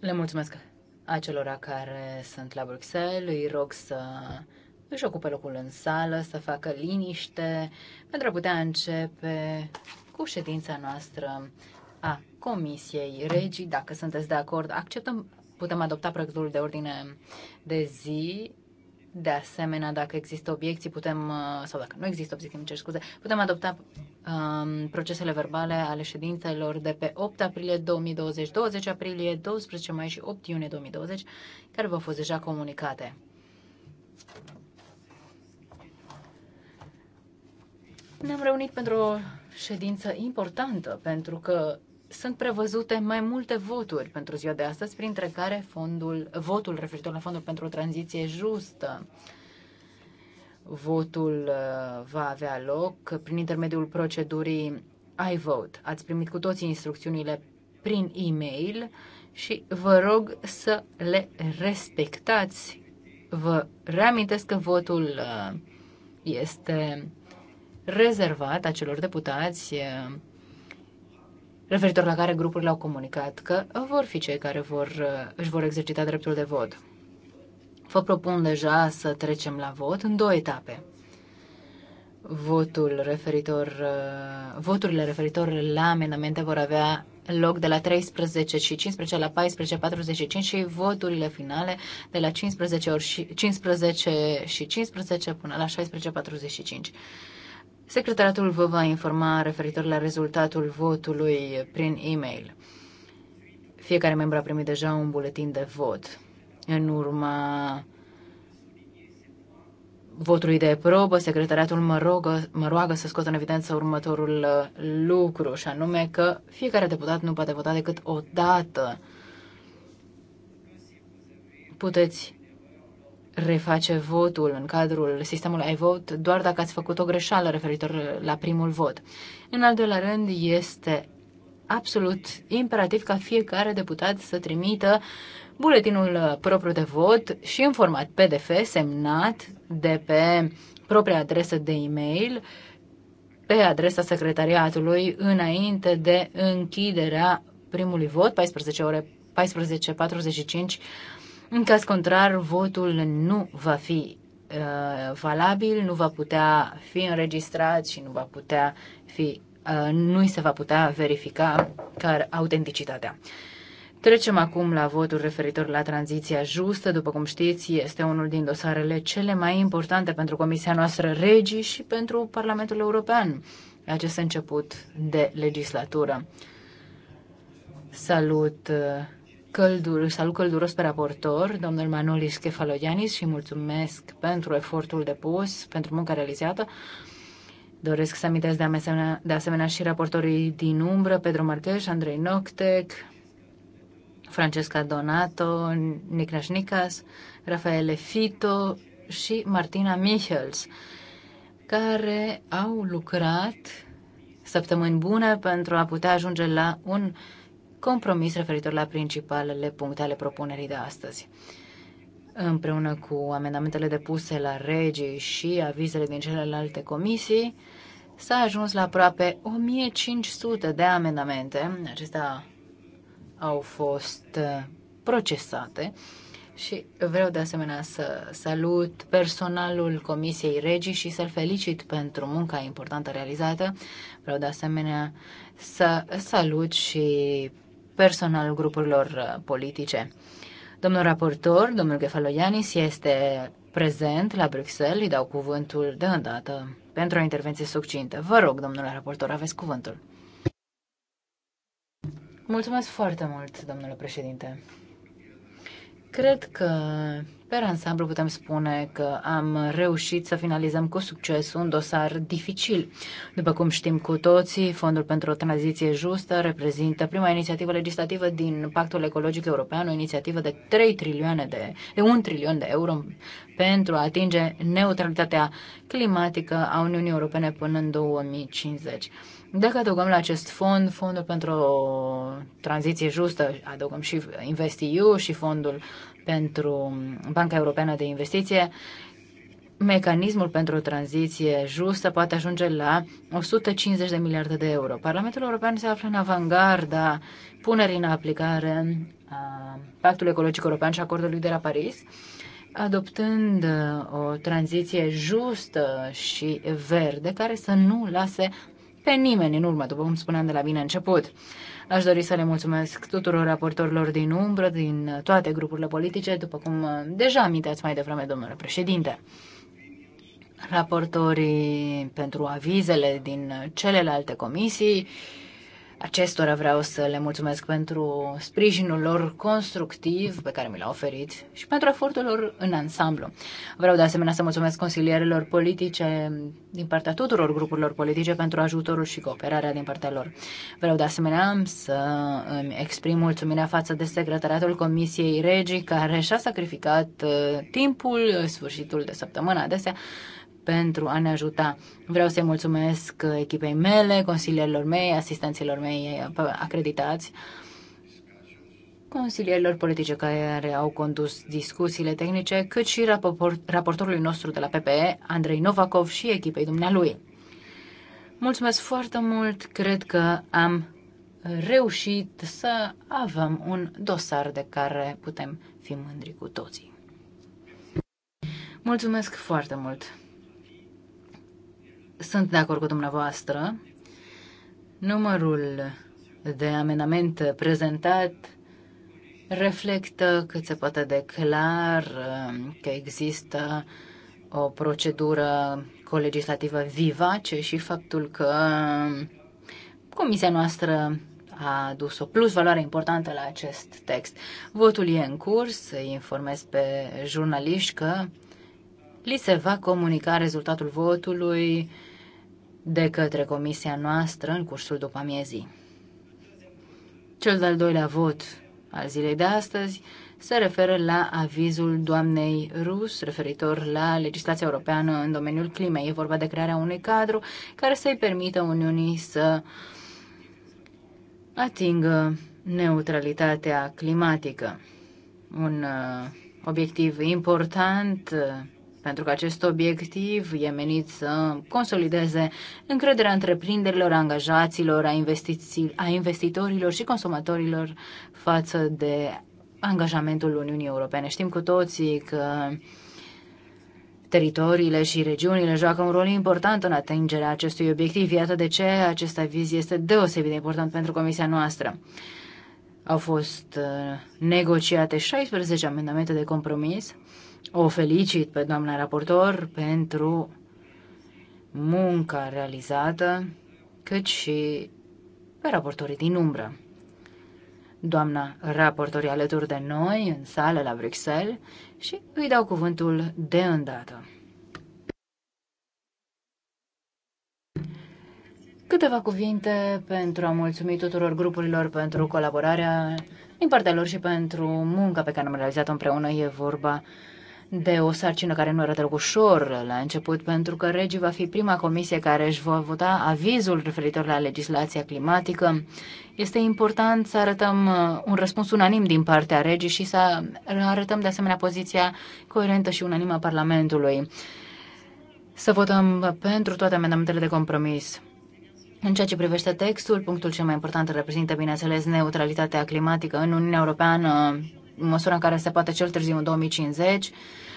Le mulțumesc acelora care sunt la Bruxelles. Îi rog să își ocupe locul în sală, să facă liniște pentru a putea începe cu ședința noastră a Comisiei Regii. Dacă sunteți de acord, acceptăm, putem adopta proiectul de ordine de zi de asemenea, dacă există obiecții, putem, uh, sau dacă nu există obiecții, îmi cer scuze, putem adopta um, procesele verbale ale ședințelor de pe 8 aprilie 2020, 20 aprilie, 12 mai și 8 iunie 2020, care v-au fost deja comunicate. Ne-am reunit pentru o ședință importantă, pentru că sunt prevăzute mai multe voturi pentru ziua de astăzi, printre care fondul, votul referitor la fondul pentru o tranziție justă. Votul uh, va avea loc prin intermediul procedurii iVote. Ați primit cu toții instrucțiunile prin e-mail și vă rog să le respectați. Vă reamintesc că votul uh, este rezervat acelor deputați uh, referitor la care grupurile au comunicat că vor fi cei care vor, își vor exercita dreptul de vot. Vă propun deja să trecem la vot în două etape. Votul referitor, uh, voturile referitor la amendamente vor avea loc de la 13 și 15 la 45 și voturile finale de la 15, ori și, 15 și 15 până la 45. Secretariatul vă va informa referitor la rezultatul votului prin e-mail. Fiecare membru a primit deja un buletin de vot. În urma votului de probă, secretariatul mă, rogă, mă roagă să scot în evidență următorul uh, lucru, și anume că fiecare deputat nu poate vota decât o dată. Puteți reface votul în cadrul sistemului iVote doar dacă ați făcut o greșeală referitor la primul vot. În al doilea rând, este absolut imperativ ca fiecare deputat să trimită buletinul propriu de vot și în format PDF semnat de pe propria adresă de e-mail pe adresa secretariatului înainte de închiderea primului vot, 14 ore 14.45 în caz contrar, votul nu va fi uh, valabil, nu va putea fi înregistrat și nu va putea fi uh, nu se va putea verifica car autenticitatea. Trecem acum la votul referitor la tranziția justă. După cum știți, este unul din dosarele cele mai importante pentru Comisia noastră regi și pentru Parlamentul European la acest început de legislatură. Salut uh, căldur, salut călduros pe raportor, domnul Manolis Kefaloianis și mulțumesc pentru efortul depus, pentru munca realizată. Doresc să amintesc de asemenea, de asemenea și raportorii din umbră, Pedro Marteș, Andrei Noctec, Francesca Donato, Nicnaș Nicas, Rafaele Fito și Martina Michels, care au lucrat săptămâni bune pentru a putea ajunge la un uh, compromis referitor la principalele puncte ale propunerii de astăzi. Împreună cu amendamentele depuse la regii și avizele din celelalte comisii, s-a ajuns la aproape 1500 de amendamente. Acestea au fost uh, procesate și vreau de asemenea să salut personalul Comisiei Regii și să-l felicit pentru munca importantă realizată. Vreau de asemenea să salut și personal grupurilor uh, politice. Domnul raportor, domnul Gefaloianis, este prezent la Bruxelles. Îi dau cuvântul de îndată pentru o intervenție succintă. Vă rog, domnule raportor, aveți cuvântul. Mulțumesc foarte mult, domnule președinte. Cred că, pe ansamblu, putem spune că am reușit să finalizăm cu succes un dosar dificil. După cum știm cu toții, Fondul pentru o tranziție justă reprezintă prima inițiativă legislativă din Pactul Ecologic European, o inițiativă de 3 trilioane de, de 1 trilion de euro pentru a atinge neutralitatea climatică a Uniunii Europene până în 2050. Dacă adăugăm la acest fond, fondul pentru o tranziție justă, adăugăm și InvestEU și fondul pentru Banca Europeană de Investiție, mecanismul pentru o tranziție justă poate ajunge la 150 de miliarde de euro. Parlamentul European se află în avangarda punerii în aplicare a Pactului Ecologic European și Acordului de la Paris, adoptând o tranziție justă și verde care să nu lase pe nimeni în urmă, după cum spuneam de la bine început. Aș dori să le mulțumesc tuturor raportorilor din umbră, din toate grupurile politice, după cum uh, deja aminteați mai devreme, domnule președinte. Raportorii pentru avizele din celelalte comisii, Acestora vreau să le mulțumesc pentru sprijinul lor constructiv pe care mi l-au oferit și pentru efortul lor în ansamblu. Vreau de asemenea să mulțumesc consilierilor politice din partea tuturor grupurilor politice pentru ajutorul și cooperarea din partea lor. Vreau de asemenea să îmi exprim mulțumirea față de secretariatul Comisiei Regii care și-a sacrificat uh, timpul, sfârșitul de săptămână adesea, pentru a ne ajuta. Vreau să-i mulțumesc echipei mele, consilierilor mei, asistenților mei acreditați, consilierilor politice care au condus discuțiile tehnice, cât și raportorului nostru de la PPE, Andrei Novakov și echipei dumnealui. Mulțumesc foarte mult, cred că am reușit să avem un dosar de care putem fi mândri cu toții. Mulțumesc foarte mult! Sunt de acord cu dumneavoastră. Numărul de amendamente prezentat reflectă cât se poate de clar uh, că există o procedură colegislativă vivace și faptul că comisia noastră a adus o plus valoare importantă la acest text. Votul e în curs, îi informez pe jurnaliști că li se va comunica rezultatul votului de către comisia noastră în cursul după amiezii. Cel de-al doilea vot al zilei de astăzi se referă la avizul doamnei Rus referitor la legislația europeană în domeniul climei. E vorba de crearea unui cadru care să-i permită Uniunii să atingă neutralitatea climatică. Un uh, obiectiv important uh, pentru că acest obiectiv e menit să consolideze încrederea întreprinderilor, angajaților, a, a investitorilor și consumatorilor față de angajamentul Uniunii Europene. Știm cu toții că Teritoriile și regiunile joacă un rol important în atingerea acestui obiectiv. Iată de ce acesta vizie este deosebit de important pentru comisia noastră. Au fost uh, negociate 16 amendamente de compromis o felicit pe doamna raportor pentru munca realizată, cât și pe raportorii din umbră. Doamna e alături de noi, în sală la Bruxelles, și îi dau cuvântul de îndată. Câteva cuvinte pentru a mulțumi tuturor grupurilor pentru colaborarea din partea lor și pentru munca pe care am realizat-o împreună. E vorba de o sarcină care nu era deloc ușor la început, pentru că Regi va fi prima comisie care își va vota avizul referitor la legislația climatică. Este important să arătăm uh, un răspuns unanim din partea Regii și să arătăm de asemenea poziția coerentă și unanimă a Parlamentului. Să votăm pentru toate amendamentele de compromis. În ceea ce privește textul, punctul cel mai important reprezintă, bineînțeles, neutralitatea climatică în Uniunea Europeană măsura în care se poate cel târziu în 2050,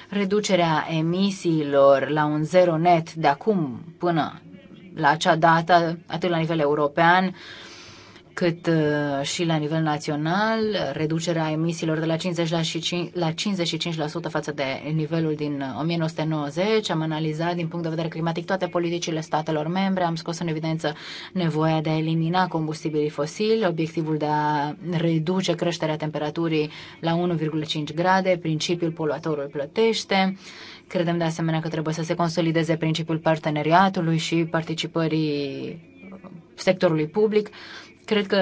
reducerea emisiilor la un zero net de acum până la acea dată, atât la nivel european, cât uh, și la nivel național, reducerea emisiilor de la 50 la, la 55% față de nivelul din 1990. Uh, am analizat din punct de vedere climatic toate politicile statelor membre, am scos în evidență nevoia de a elimina combustibilii fosili, obiectivul de a reduce creșterea temperaturii la 1,5 grade, principiul poluatorul plătește. Credem de asemenea că trebuie să se consolideze principiul parteneriatului și participării sectorului public. Cred că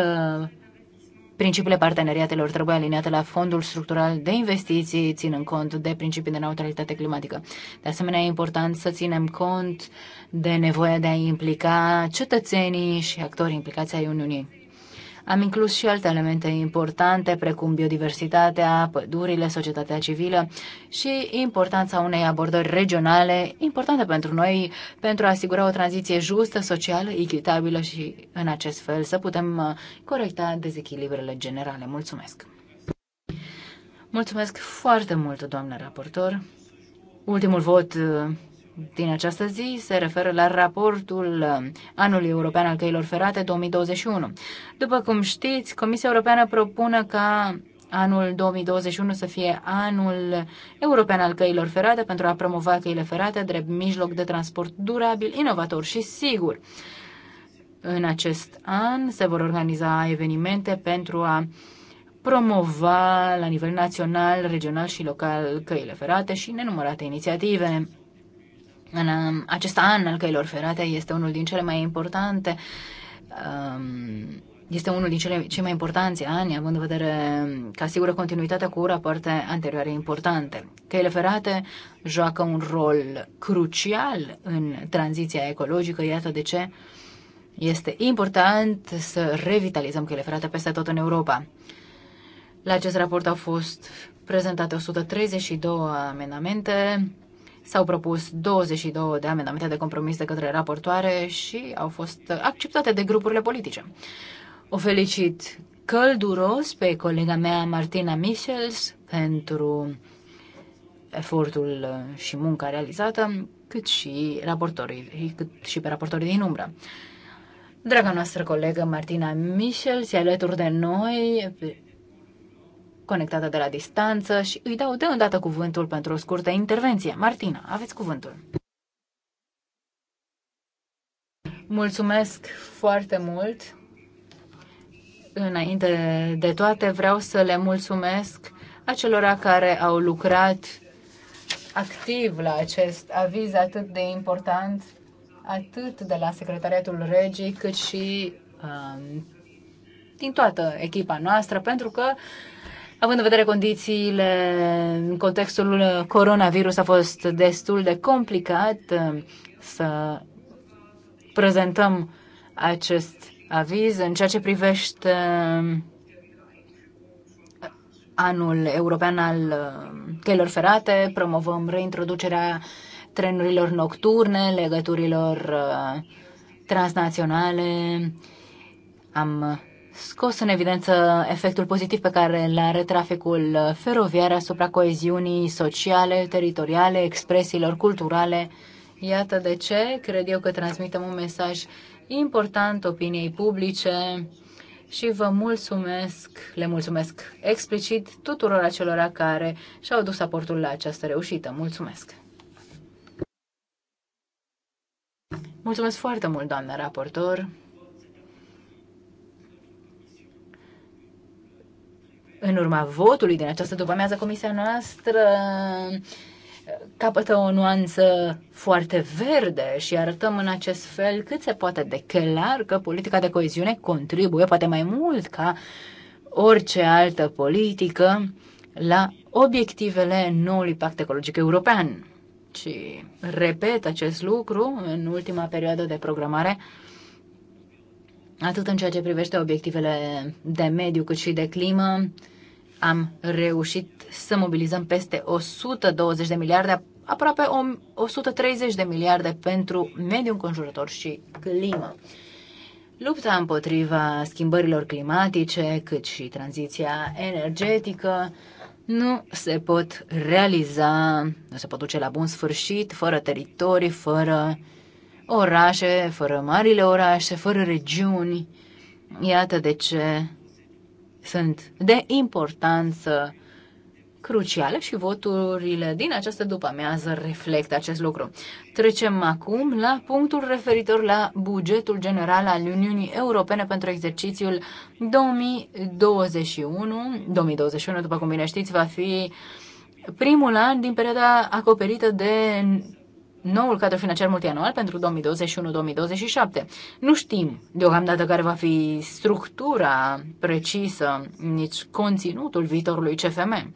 principiile parteneriatelor trebuie aliniate la fondul structural de investiții, ținând cont de principii de neutralitate climatică. De asemenea, e important să ținem cont de nevoia de a implica cetățenii și actorii implicați ai Uniunii. Am inclus și alte elemente importante, precum biodiversitatea, pădurile, societatea civilă și importanța unei abordări regionale, importante pentru noi, pentru a asigura o tranziție justă, socială, echitabilă și, în acest fel, să putem uh, corecta dezechilibrele generale. Mulțumesc! Mulțumesc foarte mult, doamnă raportor. Ultimul vot uh, din această zi se referă la raportul um, Anului European al Căilor Ferate 2021. După cum știți, Comisia Europeană propună ca anul 2021 să fie anul european al căilor ferate pentru a promova căile ferate drept mijloc de transport durabil, inovator și sigur. În acest an se vor organiza evenimente pentru a promova la nivel național, regional și local căile ferate și nenumărate inițiative. În um, acest an al căilor ferate este unul din cele mai importante um, este unul din cele, cei mai importanți ani, având în vedere um, că asigură continuitatea cu rapoarte anterioare importante. Căile ferate joacă un rol crucial în tranziția ecologică, iată de ce este important să revitalizăm căile ferate peste tot în Europa. La acest raport au fost prezentate 132 amendamente, S-au propus 22 de amendamente de compromis de către raportoare și au fost acceptate de grupurile politice. O felicit călduros pe colega mea Martina Michels pentru efortul și munca realizată, cât și raportorii, cât și pe raportorii din umbră. Draga noastră colegă Martina Michels, se alături de noi conectată de la distanță și îi dau de îndată cuvântul pentru o scurtă intervenție. Martina, aveți cuvântul. Mulțumesc foarte mult. Înainte de toate, vreau să le mulțumesc acelora care au lucrat activ la acest aviz atât de important, atât de la Secretariatul Regii, cât și um, din toată echipa noastră, pentru că Având în vedere condițiile, în contextul coronavirus a fost destul de complicat uh, să prezentăm acest aviz în ceea ce privește uh, anul european al uh, căilor ferate, promovăm reintroducerea trenurilor nocturne, legăturilor transnaționale. Am scos în evidență efectul pozitiv pe care îl are traficul uh, feroviar asupra coeziunii sociale, teritoriale, expresiilor culturale. Iată de ce cred eu că transmitem un mesaj important opiniei publice și vă mulțumesc, le mulțumesc explicit tuturor acelora care și-au dus aportul la această reușită. Mulțumesc! Mulțumesc foarte mult, doamnă raportor! În urma votului din această dupămează comisia noastră uh, capătă o nuanță foarte verde și arătăm în acest fel cât se poate de clar că politica de coeziune contribuie, poate mai mult ca orice altă politică, la obiectivele noului pact ecologic european. Și repet acest lucru în ultima perioadă de programare, atât în ceea ce privește obiectivele de mediu cât și de climă, am reușit să mobilizăm peste 120 de miliarde, aproape 130 de miliarde pentru mediul înconjurător și climă. Lupta împotriva schimbărilor climatice, cât și tranziția energetică, nu se pot realiza, nu se pot duce la bun sfârșit fără teritorii, fără orașe, fără marile orașe, fără regiuni. Iată de ce sunt de importanță crucială și voturile din această după-amiază reflectă acest lucru. Trecem acum la punctul referitor la bugetul general al Uniunii Europene pentru exercițiul 2021. 2021, după cum bine știți, va fi primul an din perioada acoperită de noul cadru financiar multianual pentru 2021-2027. Nu știm deocamdată care va fi structura precisă, nici conținutul viitorului CFM.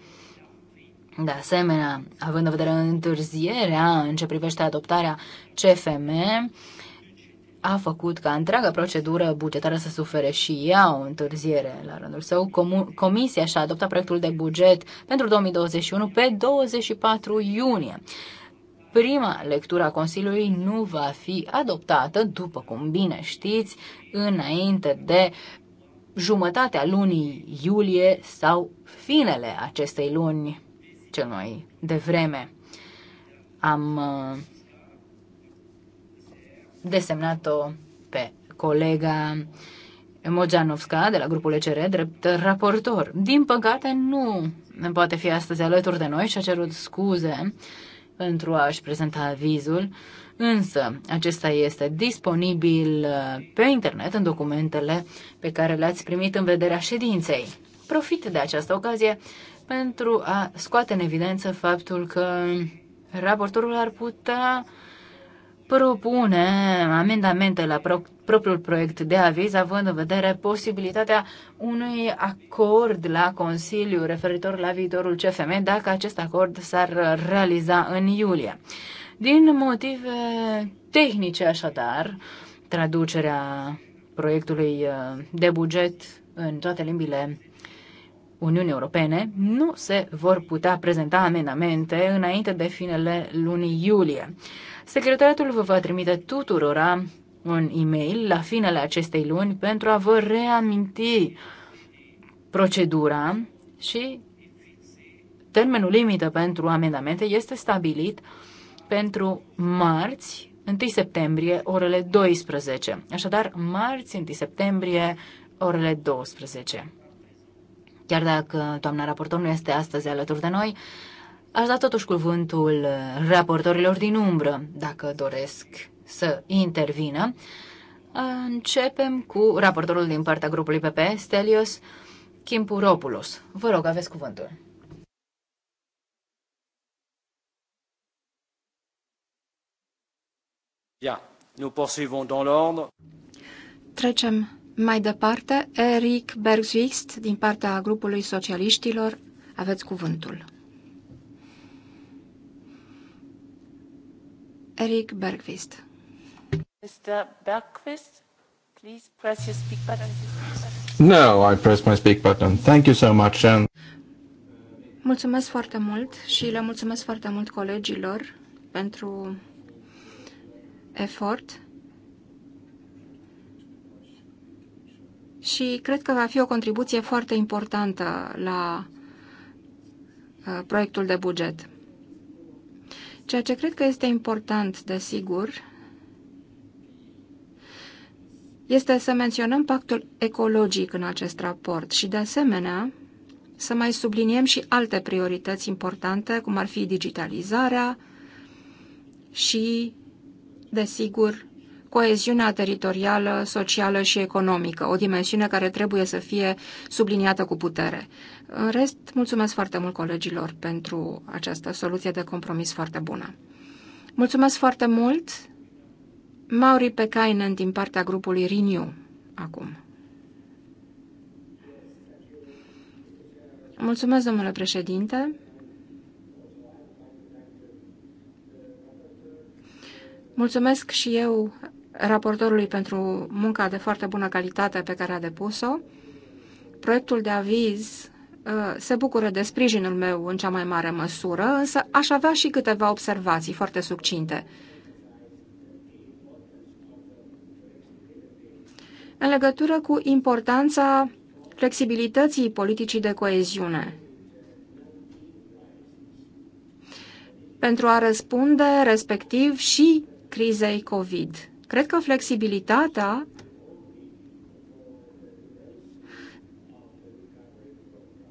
De asemenea, având în vedere întârzierea în ce privește adoptarea CFM, a făcut ca întreaga procedură bugetară să sufere și ea o întârziere la rândul său. Comisia și-a adoptat proiectul de buget pentru 2021 pe 24 iunie prima lectură a Consiliului nu va fi adoptată, după cum bine știți, înainte de jumătatea lunii iulie sau finele acestei luni, cel mai devreme. Am uh, desemnat-o pe colega Mojanovska de la grupul ECR drept raportor. Din păcate nu poate fi astăzi alături de noi și a cerut scuze pentru a-și prezenta avizul, însă acesta este disponibil uh, pe internet în documentele pe care le-ați primit în vederea ședinței. Profit de această ocazie pentru a scoate în evidență faptul că raportorul ar putea propune amendamente la proiect propriul proiect de aviz, având în vedere posibilitatea unui acord la Consiliu referitor la viitorul CFM, dacă acest acord s-ar realiza în iulie. Din motive tehnice, așadar, traducerea proiectului uh, de buget în toate limbile Uniunii Europene, nu se vor putea prezenta amendamente înainte de finele lunii iulie. Secretariatul vă va trimite tuturora un e-mail la finele acestei luni pentru a vă reaminti procedura și termenul limită pentru amendamente este stabilit pentru marți, 1 septembrie, orele 12. Așadar, marți, 1 septembrie, orele 12. Chiar dacă doamna raportor nu este astăzi alături de noi, aș da totuși cuvântul raportorilor din umbră, dacă doresc să intervină. Începem cu raportorul din partea grupului PP, Stelios Kimpuropoulos. Vă rog, aveți cuvântul. Ia, nu poursuivons dans l'ordre. Trecem mai departe. Eric Bergvist, din partea grupului socialiștilor, aveți cuvântul. Eric Bergvist. Mr. Bergquist, please press your speak button. No, I pressed my speak button. Thank you so much. Mulțumesc foarte mult și le mulțumesc foarte mult colegilor pentru efort. Și cred că va fi o contribuție foarte importantă la uh, proiectul de buget. Ceea ce cred că este important, desigur, este să menționăm pactul ecologic în acest raport și, de asemenea, să mai subliniem și alte priorități importante, cum ar fi digitalizarea și, desigur, coeziunea teritorială, socială și economică, o dimensiune care trebuie să fie subliniată cu putere. În rest, mulțumesc foarte mult colegilor pentru această soluție de compromis foarte bună. Mulțumesc foarte mult Mauri Pekainen din partea grupului Renew acum. Mulțumesc, domnule președinte. Mulțumesc și eu raportorului pentru munca de foarte bună calitate pe care a depus-o. Proiectul de aviz uh, se bucură de sprijinul meu în cea mai mare măsură, însă aș avea și câteva observații foarte succinte. în legătură cu importanța flexibilității politicii de coeziune. Pentru a răspunde respectiv și crizei COVID. Cred că flexibilitatea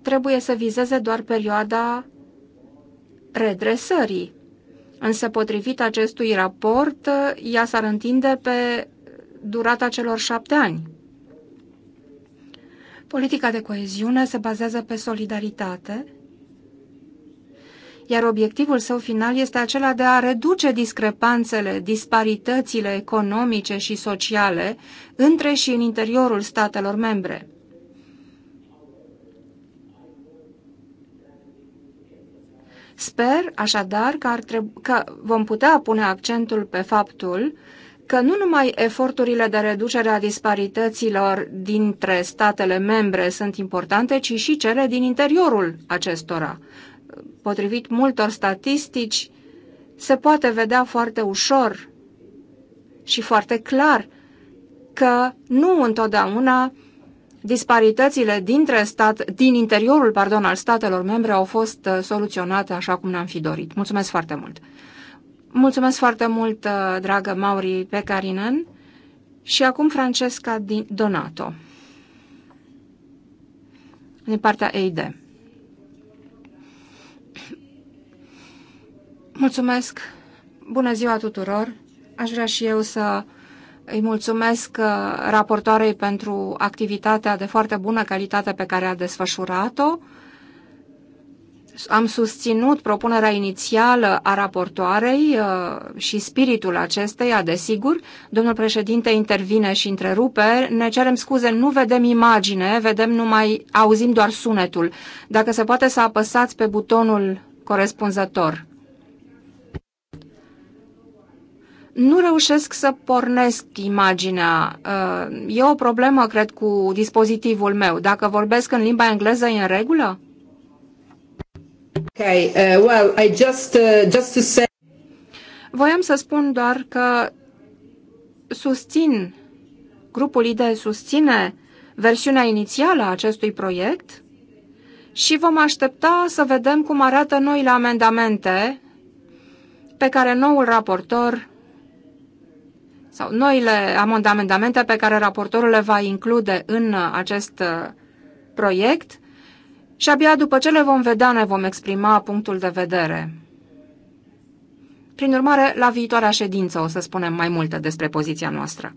trebuie să vizeze doar perioada redresării. Însă, potrivit acestui raport, ea s-ar întinde pe durata celor șapte ani. Politica de coeziune se bazează pe solidaritate, iar obiectivul său final este acela de a reduce discrepanțele, disparitățile economice și sociale între și în interiorul statelor membre. Sper, așadar, că, ar că vom putea pune accentul pe faptul că nu numai eforturile de reducere a disparităților dintre statele membre sunt importante, ci și cele din interiorul acestora. Potrivit multor statistici, se poate vedea foarte ușor și foarte clar că nu întotdeauna disparitățile dintre stat, din interiorul pardon, al statelor membre au fost uh, soluționate așa cum ne-am fi dorit. Mulțumesc foarte mult! Mulțumesc foarte mult, uh, dragă Mauri Pecarinen. Și acum Francesca Donato, din partea EID. Mulțumesc! Bună ziua tuturor! Aș vrea și eu să îi mulțumesc uh, raportoarei pentru activitatea de foarte bună calitate pe care a desfășurat-o am susținut propunerea inițială a raportoarei uh, și spiritul acesteia, desigur. Domnul președinte intervine și întrerupe. Ne cerem scuze, nu vedem imagine, vedem numai, auzim doar sunetul. Dacă se poate să apăsați pe butonul corespunzător. nu reușesc să pornesc imaginea. Uh, e o problemă, cred, cu dispozitivul meu. Dacă vorbesc în limba engleză, e în regulă? Okay, uh, well, I just, uh, just to say... Voiam să spun doar că susțin, grupul IDE susține versiunea inițială a acestui proiect și vom aștepta să vedem cum arată noile amendamente pe care noul raportor sau noile amendamente pe care raportorul le va include în acest uh, proiect și abia după ce le vom vedea ne vom exprima punctul de vedere. Prin urmare, la viitoarea ședință o să spunem mai multe despre poziția noastră.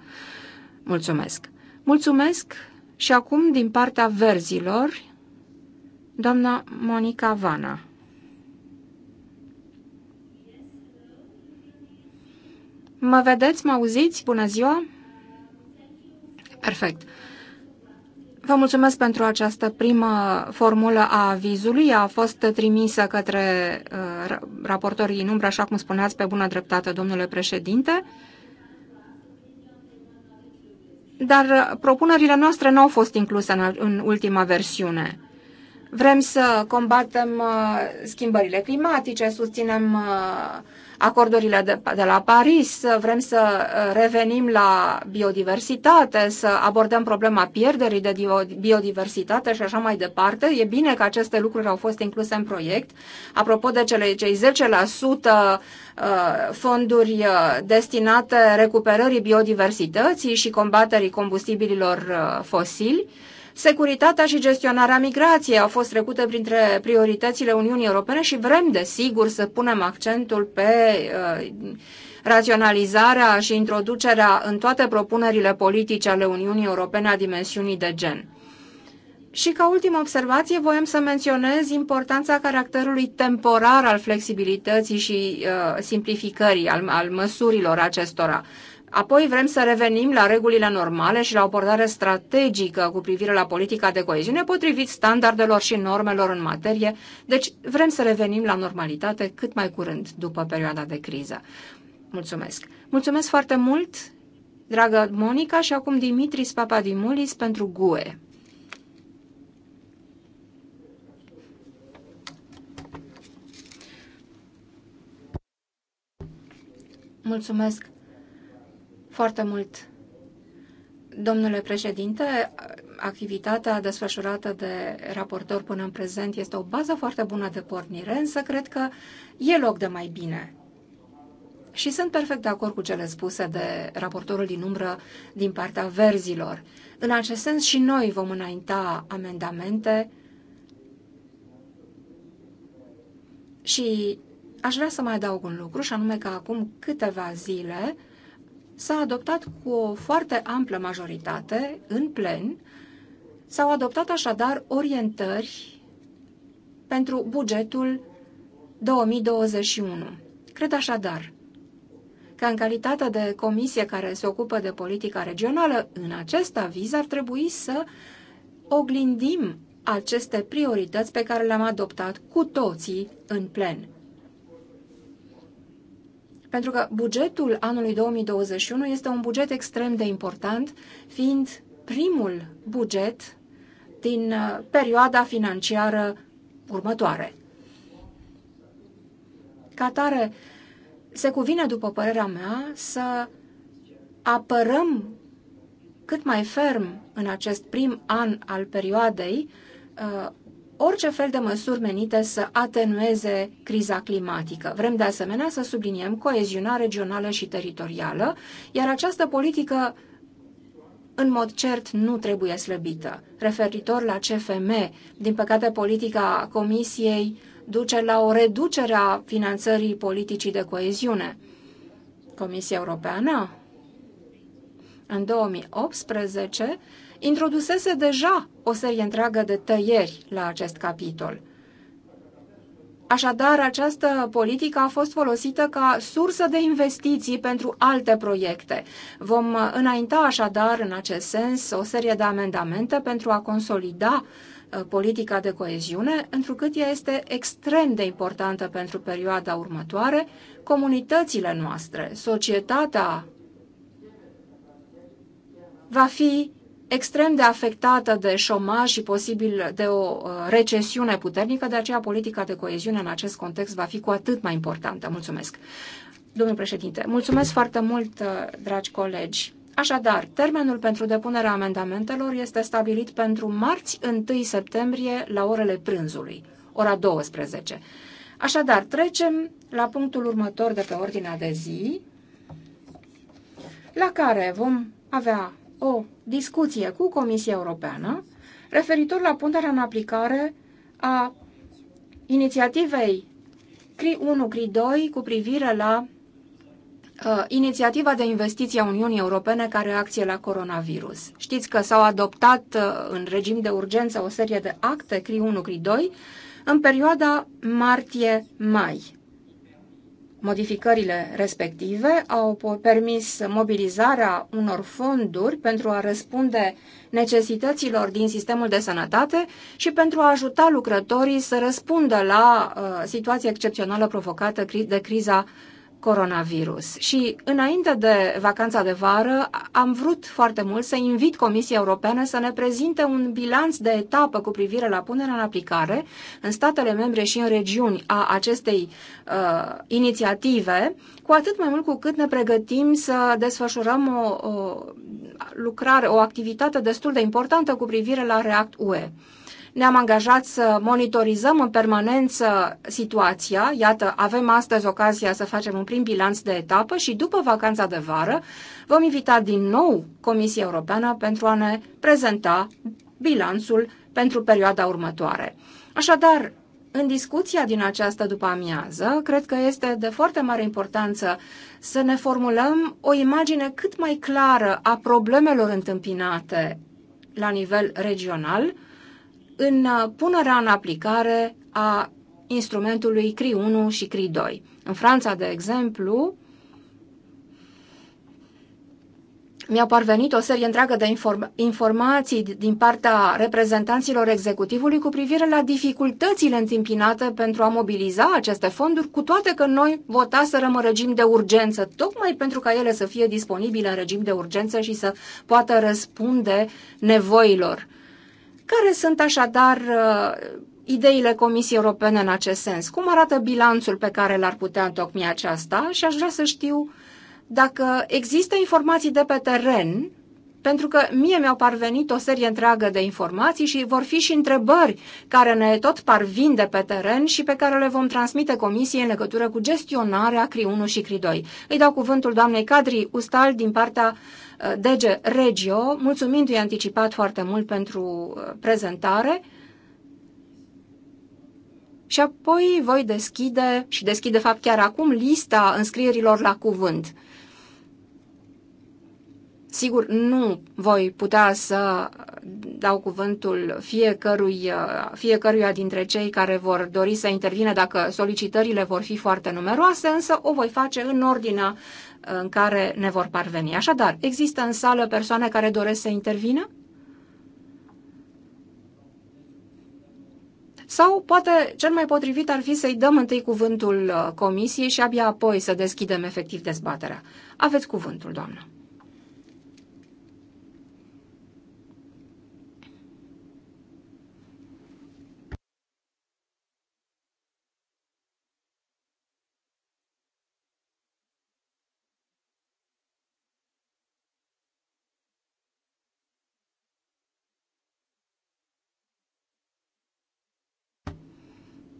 Mulțumesc! Mulțumesc și acum din partea verzilor, doamna Monica Vana. Mă vedeți, mă auziți? Bună ziua! Perfect! Vă mulțumesc pentru această primă formulă a avizului. A fost trimisă către uh, raportorii în umbră, așa cum spuneați, pe bună dreptate, domnule președinte. Dar propunerile noastre nu au fost incluse în, ultima versiune. Vrem să combatem uh, schimbările climatice, susținem uh, acordurile de, de la Paris, vrem să uh, revenim la biodiversitate, să abordăm problema pierderii de biodiversitate și așa mai departe. E bine că aceste lucruri au fost incluse în proiect. Apropo de cele, cei 10% uh, fonduri uh, destinate recuperării biodiversității și combaterii combustibililor fosili, Securitatea și gestionarea migrației au fost trecute printre prioritățile Uniunii Europene și vrem, desigur, să punem accentul pe uh, raționalizarea și introducerea în toate propunerile politice ale Uniunii Europene a dimensiunii de gen. Și ca ultimă observație, voiam să menționez importanța caracterului temporar al flexibilității și uh, simplificării, al, al măsurilor acestora. Apoi vrem să revenim la regulile normale și la o abordare strategică cu privire la politica de coeziune potrivit standardelor și normelor în materie, deci vrem să revenim la normalitate cât mai curând după perioada de criză. Mulțumesc! Mulțumesc foarte mult, dragă Monica, și acum Dimitris Papadimulis pentru GUE. Mulțumesc! foarte mult, domnule președinte. Activitatea desfășurată de raportor până în prezent este o bază foarte bună de pornire, însă cred că e loc de mai bine. Și sunt perfect de acord cu cele spuse de raportorul din umbră din partea verzilor. În acest sens și noi vom înainta amendamente și aș vrea să mai adaug un lucru, și anume că acum câteva zile s-a adoptat cu o foarte amplă majoritate în plen. S-au adoptat așadar orientări pentru bugetul 2021. Cred așadar că în calitate de comisie care se ocupă de politica regională, în acest aviz ar trebui să oglindim aceste priorități pe care le-am adoptat cu toții în plen. Pentru că bugetul anului 2021 este un buget extrem de important, fiind primul buget din uh, perioada financiară următoare. Ca tare, se cuvine, după părerea mea, să apărăm cât mai ferm în acest prim an al perioadei uh, orice fel de măsuri menite să atenueze criza climatică. Vrem de asemenea să subliniem coeziunea regională și teritorială, iar această politică în mod cert nu trebuie slăbită. Referitor la CFM, din păcate politica Comisiei duce la o reducere a finanțării politicii de coeziune. Comisia Europeană în 2018 introdusese deja o serie întreagă de tăieri la acest capitol. Așadar, această politică a fost folosită ca sursă de investiții pentru alte proiecte. Vom înainta așadar, în acest sens, o serie de amendamente pentru a consolida uh, politica de coeziune, întrucât ea este extrem de importantă pentru perioada următoare, comunitățile noastre, societatea va fi extrem de afectată de șomaj și posibil de o uh, recesiune puternică, de aceea politica de coeziune în acest context va fi cu atât mai importantă. Mulțumesc. Domnul președinte, mulțumesc foarte mult, uh, dragi colegi. Așadar, termenul pentru depunerea amendamentelor este stabilit pentru marți 1 septembrie la orele prânzului, ora 12. Așadar, trecem la punctul următor de pe ordinea de zi, la care vom avea o discuție cu Comisia Europeană referitor la punerea în aplicare a inițiativei CRI 1, CRI 2 cu privire la uh, inițiativa de investiție a Uniunii Europene ca reacție la coronavirus. Știți că s-au adoptat uh, în regim de urgență o serie de acte CRI 1, CRI 2 în perioada martie-mai. Modificările respective au permis mobilizarea unor fonduri pentru a răspunde necesităților din sistemul de sănătate și pentru a ajuta lucrătorii să răspundă la uh, situația excepțională provocată de criza coronavirus. Și înainte de vacanța de vară, am vrut foarte mult să invit Comisia Europeană să ne prezinte un bilanț de etapă cu privire la punerea în aplicare în statele membre și în regiuni a acestei uh, inițiative, cu atât mai mult cu cât ne pregătim să desfășurăm o, o lucrare, o activitate destul de importantă cu privire la React UE. Ne-am angajat să monitorizăm în permanență situația. Iată, avem astăzi ocazia să facem un prim bilanț de etapă și după vacanța de vară vom invita din nou Comisia Europeană pentru a ne prezenta bilanțul pentru perioada următoare. Așadar, în discuția din această după-amiază, cred că este de foarte mare importanță să ne formulăm o imagine cât mai clară a problemelor întâmpinate la nivel regional în uh, punerea în aplicare a instrumentului CRI 1 și CRI 2. În Franța, de exemplu, mi-au parvenit o serie întreagă de inform- informații din partea reprezentanților executivului cu privire la dificultățile întâmpinate pentru a mobiliza aceste fonduri, cu toate că noi să în regim de urgență, tocmai pentru ca ele să fie disponibile în regim de urgență și să poată răspunde nevoilor care sunt așadar uh, ideile Comisiei Europene în acest sens? Cum arată bilanțul pe care l-ar putea întocmi aceasta? Și aș vrea să știu dacă există informații de pe teren pentru că mie mi-au parvenit o serie întreagă de informații și vor fi și întrebări care ne tot parvin de pe teren și pe care le vom transmite comisiei în legătură cu gestionarea CRI 1 și CRI 2. Îi dau cuvântul doamnei Cadri Ustal din partea uh, DG Regio, mulțumindu-i anticipat foarte mult pentru uh, prezentare. Și apoi voi deschide, și deschid de fapt chiar acum, lista înscrierilor la cuvânt. Sigur, nu voi putea să dau cuvântul fiecărui, fiecăruia dintre cei care vor dori să intervine dacă solicitările vor fi foarte numeroase, însă o voi face în ordinea în care ne vor parveni. Așadar, există în sală persoane care doresc să intervină? Sau poate cel mai potrivit ar fi să-i dăm întâi cuvântul uh, comisiei și abia apoi să deschidem efectiv dezbaterea. Aveți cuvântul, doamnă.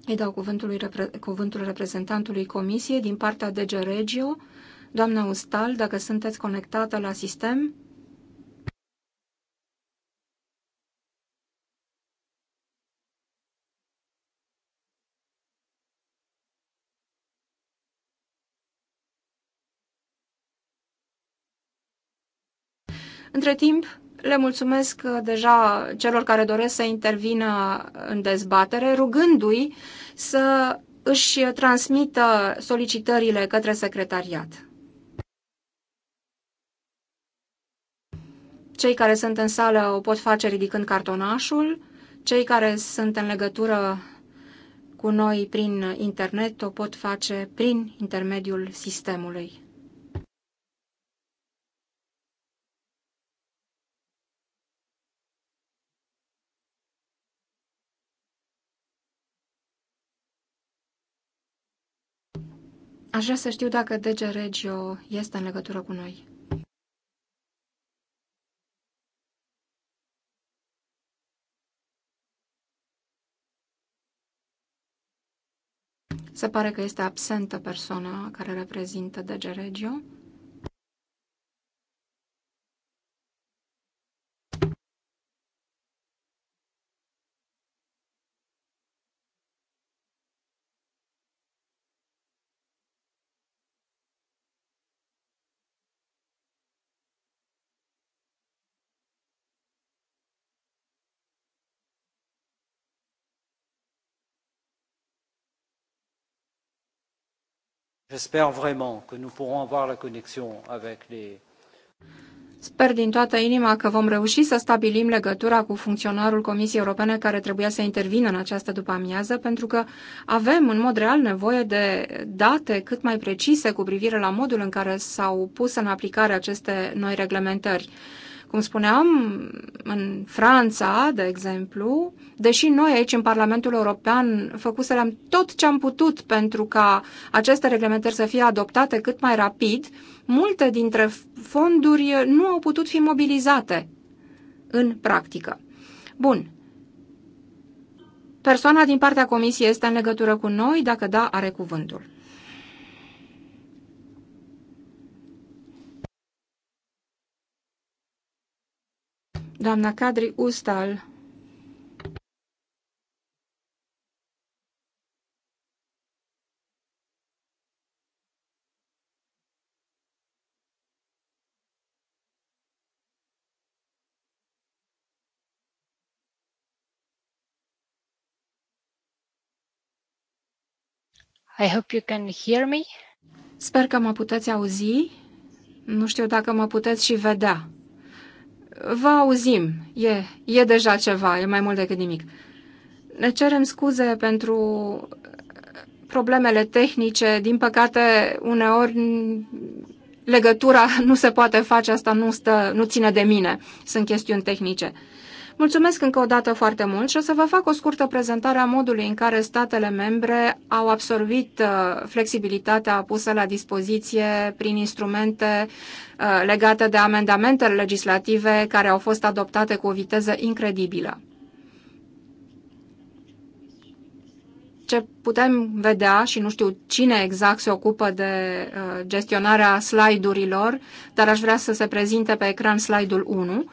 Îi dau cuvântul, repre cuvântul reprezentantului Comisiei din partea DG Regio. Doamna Ustal, dacă sunteți conectată la sistem, Între timp, le mulțumesc uh, deja celor care doresc să intervină în dezbatere, rugându-i să își transmită solicitările către secretariat. Cei care sunt în sală o pot face ridicând cartonașul, cei care sunt în legătură cu noi prin internet o pot face prin intermediul sistemului. Aș vrea să știu dacă DG Regio este în legătură cu noi. Se pare că este absentă persoana care reprezintă DG Regio. J'espère vraiment que nous pourrons avoir la connexion avec les Sper din toată inima că vom reuși să stabilim legătura cu funcționarul Comisiei Europene care trebuia să intervină în această după-amiază, pentru că avem în mod real nevoie de date cât mai precise cu privire la modul în care s-au pus în aplicare aceste noi reglementări. Cum spuneam, în Franța, de exemplu, deși noi aici în Parlamentul European făcuserăm tot ce am putut pentru ca aceste reglementări să fie adoptate cât mai rapid, multe dintre fonduri nu au putut fi mobilizate în practică. Bun. Persoana din partea comisiei este în legătură cu noi, dacă da, are cuvântul. Doamna Cadri Ustal. I hope you can hear me. Sper că mă puteți auzi. Nu știu dacă mă puteți și vedea vă auzim. E, e deja ceva, e mai mult decât nimic. Ne cerem scuze pentru uh, problemele tehnice. Din păcate, uneori legătura nu se poate face, asta nu, stă, nu ține de mine. Sunt chestiuni tehnice. Mulțumesc încă o dată foarte mult și o să vă fac o scurtă prezentare a modului în care statele membre au absorbit uh, flexibilitatea pusă la dispoziție prin instrumente uh, legate de amendamentele legislative care au fost adoptate cu o viteză incredibilă. ce putem vedea, și nu știu cine exact se ocupă de uh, gestionarea slide-urilor, dar aș vrea să se prezinte pe ecran slide-ul 1,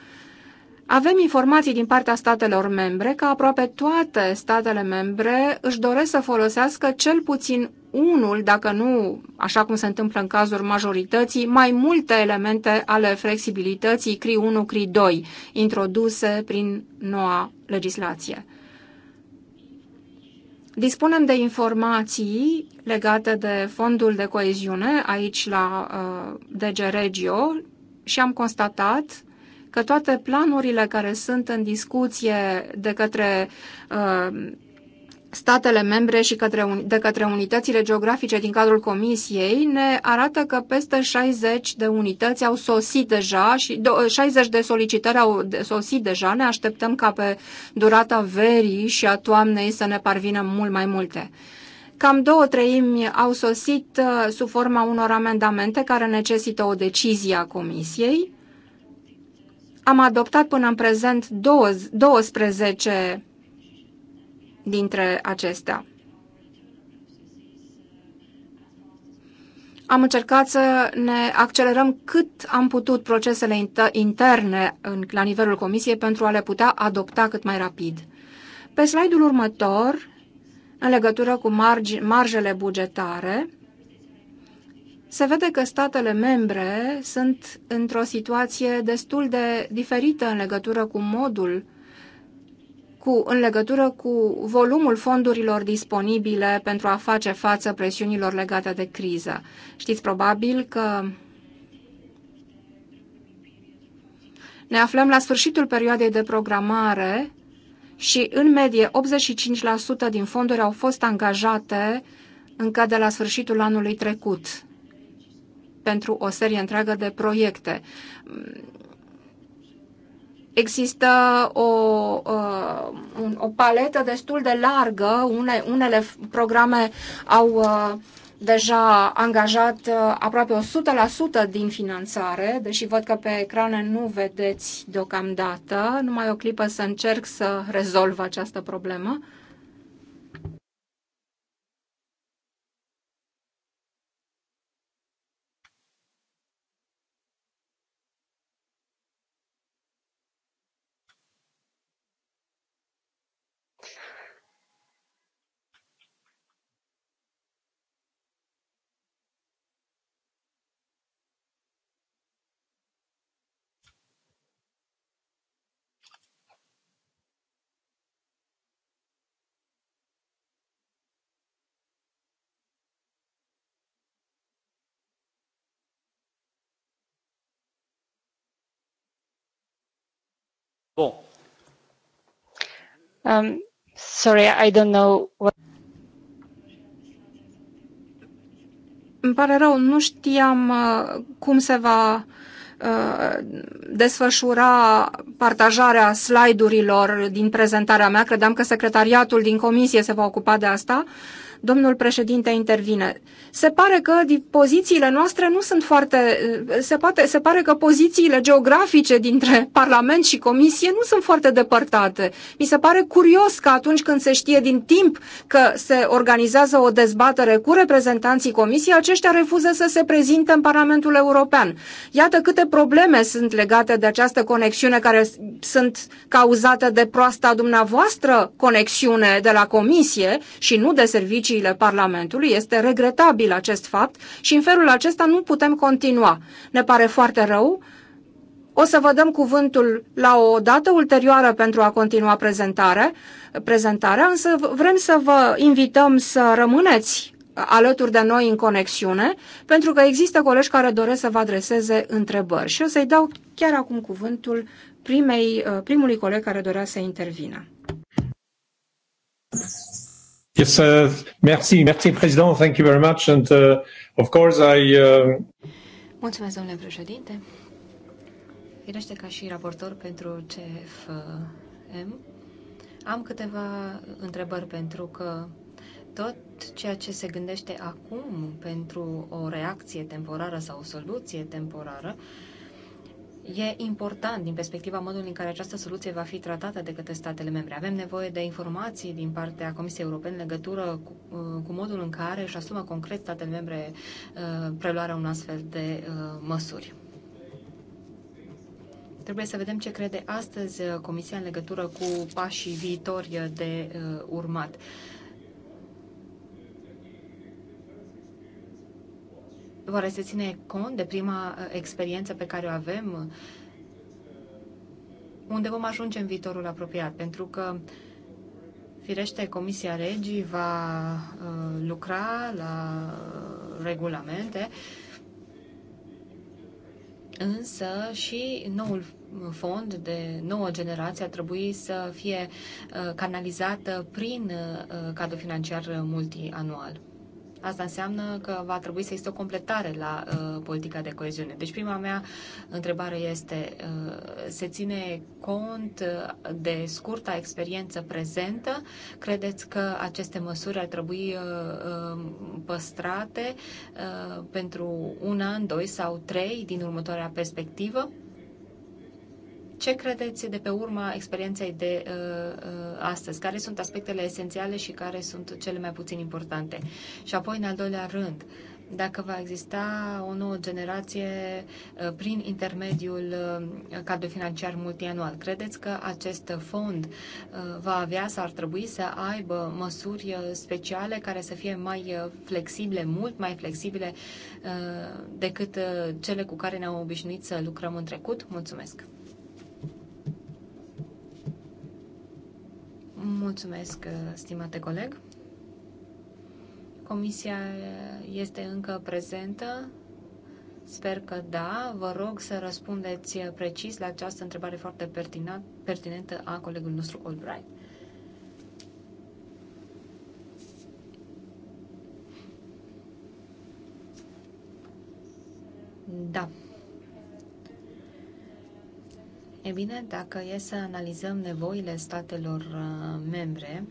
avem informații din partea statelor membre că aproape toate statele membre își doresc să folosească cel puțin unul, dacă nu, așa cum se întâmplă în cazul majorității, mai multe elemente ale flexibilității CRI 1, CRI 2, introduse prin noua legislație. Dispunem de informații legate de fondul de coeziune aici la uh, DG Regio și am constatat că toate planurile care sunt în discuție de către uh, statele membre și către, de către unitățile geografice din cadrul Comisiei ne arată că peste 60 de unități au sosit deja și 60 uh, de solicitări au sosit deja. Ne așteptăm ca pe durata verii și a toamnei să ne parvină mult mai multe. Cam două treimi au sosit uh, sub forma unor amendamente care necesită o decizie a Comisiei am adoptat până în prezent 12 dintre acestea. Am încercat să ne accelerăm cât am putut procesele interne la nivelul comisiei pentru a le putea adopta cât mai rapid. Pe slide-ul următor, în legătură cu margi, marjele bugetare, se vede că statele membre sunt într-o situație destul de diferită în legătură cu modul, cu, în legătură cu volumul fondurilor disponibile pentru a face față presiunilor legate de criză. Știți probabil că ne aflăm la sfârșitul perioadei de programare și, în medie, 85% din fonduri au fost angajate încă de la sfârșitul anului trecut pentru o serie întreagă de proiecte. Există o, uh, o paletă destul de largă, une, unele programe au uh, deja angajat uh, aproape 100% din finanțare, deși văd că pe ecrane nu vedeți deocamdată, numai o clipă să încerc să rezolv această problemă. Um, sorry, I don't know what... Îmi pare rău, nu știam uh, cum se va uh, desfășura partajarea slide-urilor din prezentarea mea. Credeam că secretariatul din comisie se va ocupa de asta, Domnul președinte intervine. Se pare că pozițiile noastre nu sunt foarte... Eh, se, poate, se pare că pozițiile geografice dintre Parlament și Comisie nu sunt foarte depărtate. Mi se pare curios că atunci când se știe din timp că se organizează o dezbatere cu reprezentanții Comisiei, aceștia refuză să se prezinte în Parlamentul European. Iată câte probleme sunt legate de această conexiune care sunt cauzate de proasta dumneavoastră conexiune de la Comisie și nu de servicii serviciile Parlamentului. Este regretabil acest fapt și în felul acesta nu putem continua. Ne pare foarte rău. O să vă dăm cuvântul la o dată ulterioară pentru a continua prezentarea, prezentarea însă vrem să vă invităm să rămâneți alături de noi în conexiune, pentru că există colegi care doresc să vă adreseze întrebări. Și o să-i dau chiar acum cuvântul primei, uh, primului coleg care dorea să intervină. Yes, uh, merci, merci, President. Thank you very much. And uh, of course, I. Uh... Mulțumesc, domnule președinte. Firește ca și raportor pentru CFM, am câteva întrebări pentru că tot ceea ce se gândește acum pentru o reacție temporară sau o soluție temporară uh, E important din perspectiva modului în care această soluție va fi tratată de către statele membre. Avem nevoie de informații din partea Comisiei Europene în legătură cu, uh, cu modul în care își asumă concret statele membre uh, preluarea unui astfel de uh, măsuri. Trebuie să vedem ce crede astăzi Comisia în legătură cu pașii viitori de urmat. Oare se ține cont de prima uh, experiență pe care o avem? Unde vom ajunge în viitorul apropiat? Pentru că Firește, Comisia Regii va uh, lucra la uh, regulamente, însă și noul fond de nouă generație a trebui să fie uh, canalizat prin uh, cadrul financiar multianual. Asta înseamnă că va trebui să există o completare la uh, politica de coeziune. Deci prima mea întrebare este, uh, se ține cont uh, de scurta experiență prezentă? Credeți că aceste măsuri ar trebui uh, um, păstrate uh, pentru un an, doi sau trei din următoarea perspectivă? Ce credeți de pe urma experienței de uh, uh, astăzi? Care sunt aspectele esențiale și care sunt cele mai puțin importante? Și apoi, în al doilea rând, dacă va exista o nouă generație uh, prin intermediul uh, cadrului financiar multianual. Credeți că acest fond uh, va avea sau ar trebui să aibă măsuri uh, speciale care să fie mai uh, flexibile, mult mai flexibile decât cele cu care ne-am obișnuit să lucrăm în trecut? Mulțumesc! Mulțumesc, uh, stimate coleg. Comisia este încă prezentă? Sper că da. Vă rog să răspundeți precis la această întrebare foarte pertinentă a colegului nostru Albright. Da, E bine, dacă e să analizăm nevoile statelor uh, membre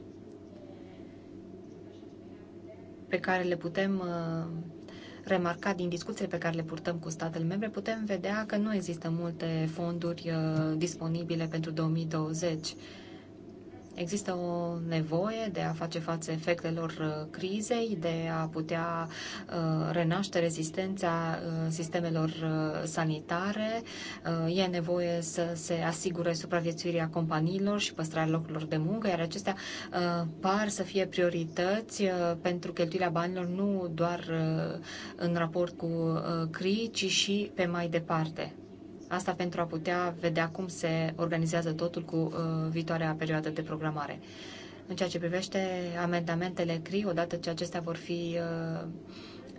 pe care le putem uh, remarca din discuțiile pe care le purtăm cu statele membre, putem vedea că nu există multe fonduri uh, disponibile pentru 2020 Există o nevoie de a face față efectelor uh, crizei, de a putea uh, renaște rezistența uh, sistemelor sanitare. E nevoie să se asigure supraviețuirea companiilor și păstrarea locurilor de muncă, iar acestea par să fie priorități pentru cheltuirea banilor nu doar în raport cu CRI, ci și pe mai departe. Asta pentru a putea vedea cum se organizează totul cu uh, viitoarea perioadă de programare. În ceea ce privește amendamentele CRI, odată ce acestea vor fi uh,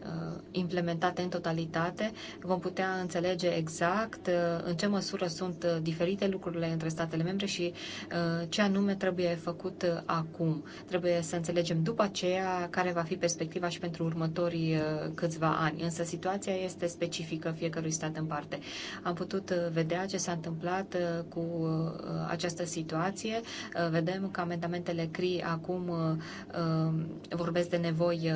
Uh, implementate în totalitate, vom putea înțelege exact uh, în ce măsură sunt uh, diferite lucrurile între statele membre și ce anume trebuie făcut acum. Trebuie să înțelegem după aceea care va fi perspectiva și pentru următorii câțiva ani. Însă situația este specifică fiecărui stat în parte. Am putut vedea ce s-a întâmplat cu această situație. Vedem că amendamentele CRI acum vorbesc de nevoi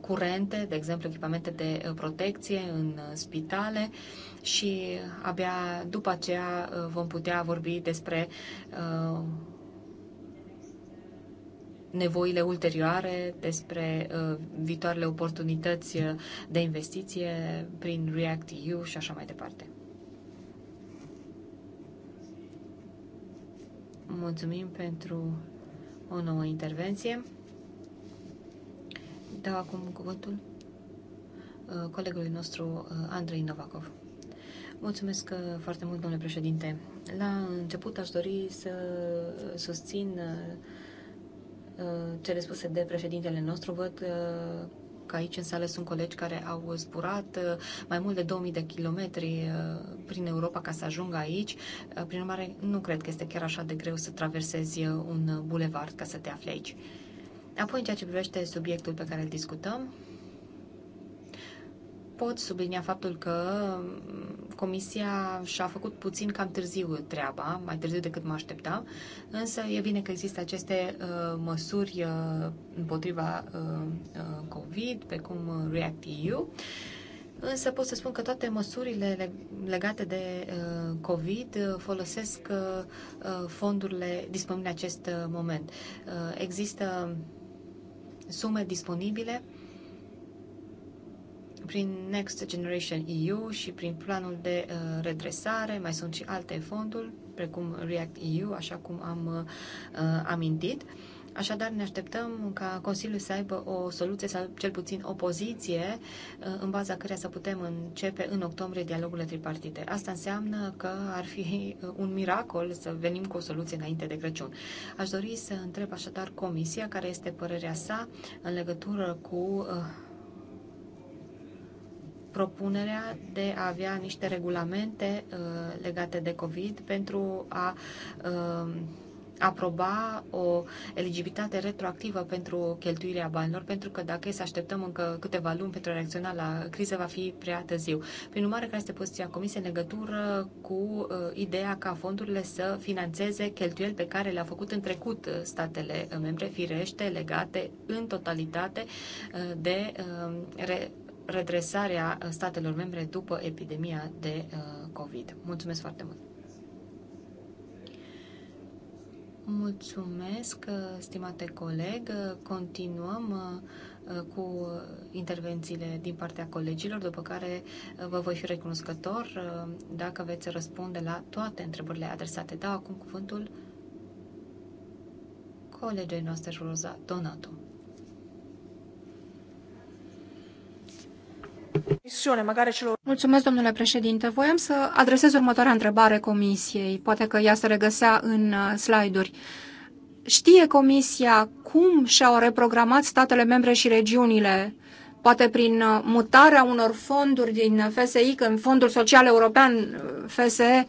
curente, de de exemplu, echipamente de uh, protecție în uh, spitale și abia după aceea uh, vom putea vorbi despre nevoile ulterioare, despre viitoarele oportunități de investiție prin React-EU și așa mai departe. Mulțumim pentru o nouă intervenție. Dau acum cuvântul Uh, colegului nostru uh, Andrei Novakov. Mulțumesc uh, foarte mult, domnule președinte. La început aș dori să susțin cele spuse de președintele nostru. Văd că aici în sală sunt colegi care au zburat mai mult de 2000 de kilometri prin Europa ca să ajungă aici. Prin urmare, nu cred că este chiar așa de greu să traversezi un bulevard ca să te afli aici. Apoi, în ceea ce privește subiectul pe care îl discutăm, pot sublinia faptul că mm, Comisia și-a făcut puțin cam târziu treaba, mai târziu decât mă așteptam, însă e bine că există aceste uh, măsuri uh, împotriva uh, uh COVID, cum uh, React-EU. Însă pot să spun că toate măsurile legate de uh, COVID uh, folosesc uh, fondurile disponibile în acest moment. Uh, există sume disponibile prin Next Generation EU și prin planul de uh, redresare, mai sunt și alte fonduri, precum React EU, așa cum am uh, uh, amintit. Așadar, ne așteptăm ca Consiliul să aibă o soluție sau cel puțin o poziție uh, în baza căreia să putem începe în octombrie dialogurile tripartite. Asta înseamnă că ar fi uh, un miracol să venim cu o soluție înainte de Crăciun. Aș dori să întreb așadar Comisia care este părerea sa în legătură cu propunerea de a avea niște regulamente uh, legate de COVID pentru a um, aproba o eligibilitate retroactivă pentru cheltuirea banilor, pentru că dacă e să așteptăm încă câteva luni pentru a reacționa la criză, va fi prea târziu. Prin urmare, care este poziția Comisiei în legătură cu uh, ideea ca fondurile să financeze cheltuieli pe care le-au făcut în trecut uh, statele uh, membre, firește, legate în totalitate uh, de uh, re- redresarea uh, statelor membre după epidemia de uh, COVID. Mulțumesc foarte mult! Mulțumesc, uh, stimate coleg. Continuăm cu intervențiile din partea colegilor, după care vă voi fi recunoscător dacă veți răspunde la toate întrebările adresate. Dau acum cuvântul colegei noastre, Roza Donato. Mulțumesc, domnule președinte. Voiam să adresez următoarea întrebare comisiei. Poate că ea se regăsea în uh, slide-uri. Știe comisia cum și-au reprogramat statele membre și regiunile poate prin uh, mutarea unor fonduri din FSI, în Fondul Social European uh, FSE,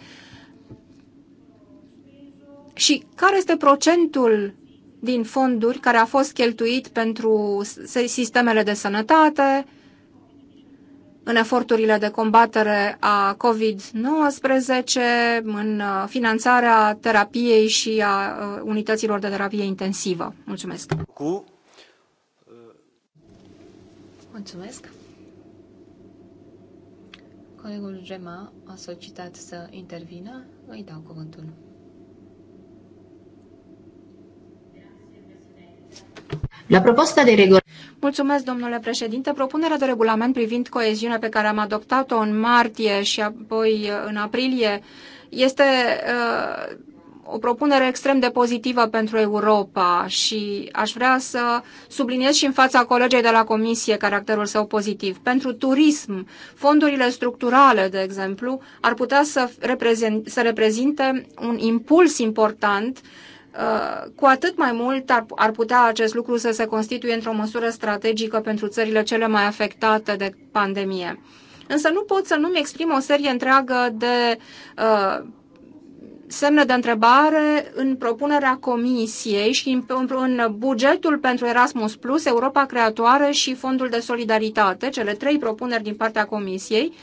și care este procentul din fonduri care a fost cheltuit pentru sistemele de sănătate, în eforturile de combatere a COVID-19, în uh, finanțarea terapiei și a uh, unităților de terapie intensivă. Mulțumesc! Cu... Uh, Mulțumesc! Colegul Gema a solicitat să intervină. Îi dau cuvântul. La proposta de regulament. Mulțumesc, domnule președinte. Propunerea de regulament privind coeziunea pe care am adoptat-o în martie și apoi uh, în aprilie este uh, o propunere extrem de pozitivă pentru Europa și aș vrea să subliniez și în fața colegei de la Comisie caracterul său pozitiv. Pentru turism, fondurile structurale, de exemplu, ar putea să, reprezent, să reprezinte un impuls important uh, Uh, cu atât mai mult ar, ar putea acest lucru să se constituie într-o măsură strategică pentru țările cele mai afectate de pandemie. Însă nu pot să nu-mi exprim o serie întreagă de uh, semne de întrebare în propunerea Comisiei și în, în bugetul pentru Erasmus Plus, Europa Creatoare și Fondul de Solidaritate, cele trei propuneri din partea Comisiei,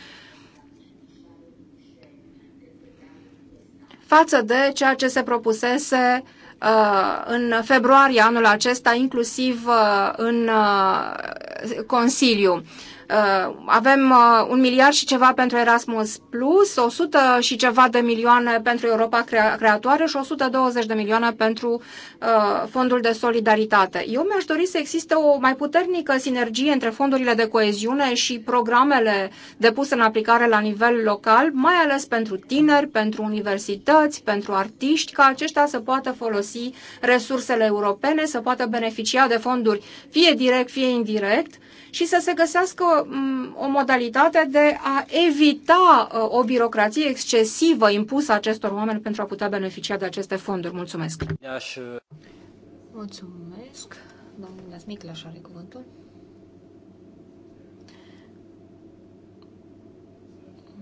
față de ceea ce se propusese uh, Uh, în februarie anul acesta, inclusiv uh, în uh, Consiliu. Uh, avem uh, un miliard și ceva pentru Erasmus Plus, 100 și ceva de milioane pentru Europa Creatoare și 120 de milioane pentru uh, Fondul de Solidaritate. Eu mi-aș dori să existe o mai puternică sinergie între fondurile de coeziune și programele depuse în aplicare la nivel local, mai ales pentru tineri, pentru universități, pentru artiști, ca aceștia să poată folosi resursele europene, să poată beneficia de fonduri fie direct, fie indirect, și să se găsească mm, o modalitate de a evita uh, o birocrație excesivă impusă acestor oameni pentru a putea beneficia de aceste fonduri. Mulțumesc! Mulțumesc! Domnul Smiclaș are cuvântul.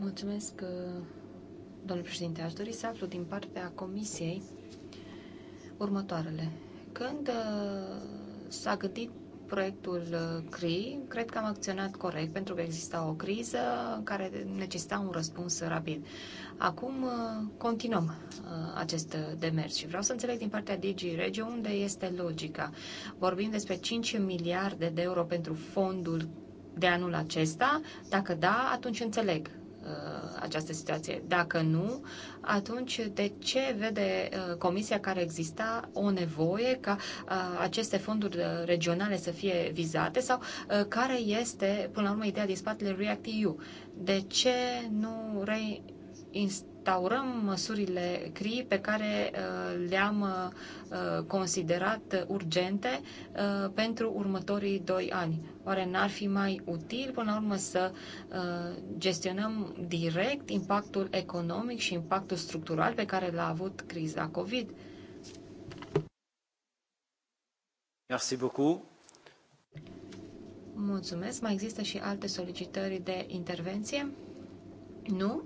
Mulțumesc, uh, domnule președinte. Aș dori să aflu din partea comisiei următoarele. Când uh, s-a gândit proiectul uh, CRI, cred că am acționat corect pentru că exista o criză care necesita un răspuns rapid. Acum uh, continuăm uh, acest demers și vreau să înțeleg din partea Digi Regio unde este logica. Vorbim despre 5 miliarde de euro pentru fondul de anul acesta. Dacă da, atunci înțeleg Uh, această situație. Dacă nu, atunci de ce vede uh, Comisia care exista o nevoie ca uh, aceste fonduri regionale să fie vizate sau care este, până la urmă, ideea din spatele React-EU? De ce nu reinst restaurăm măsurile CRI pe care uh, le-am uh, considerat urgente uh, pentru următorii doi ani. Oare n-ar fi mai util, până la urmă, să gestionăm direct impactul economic și impactul structural pe care l-a avut criza COVID? Merci beaucoup. Mulțumesc. Mai există și alte solicitări de intervenție? Nu?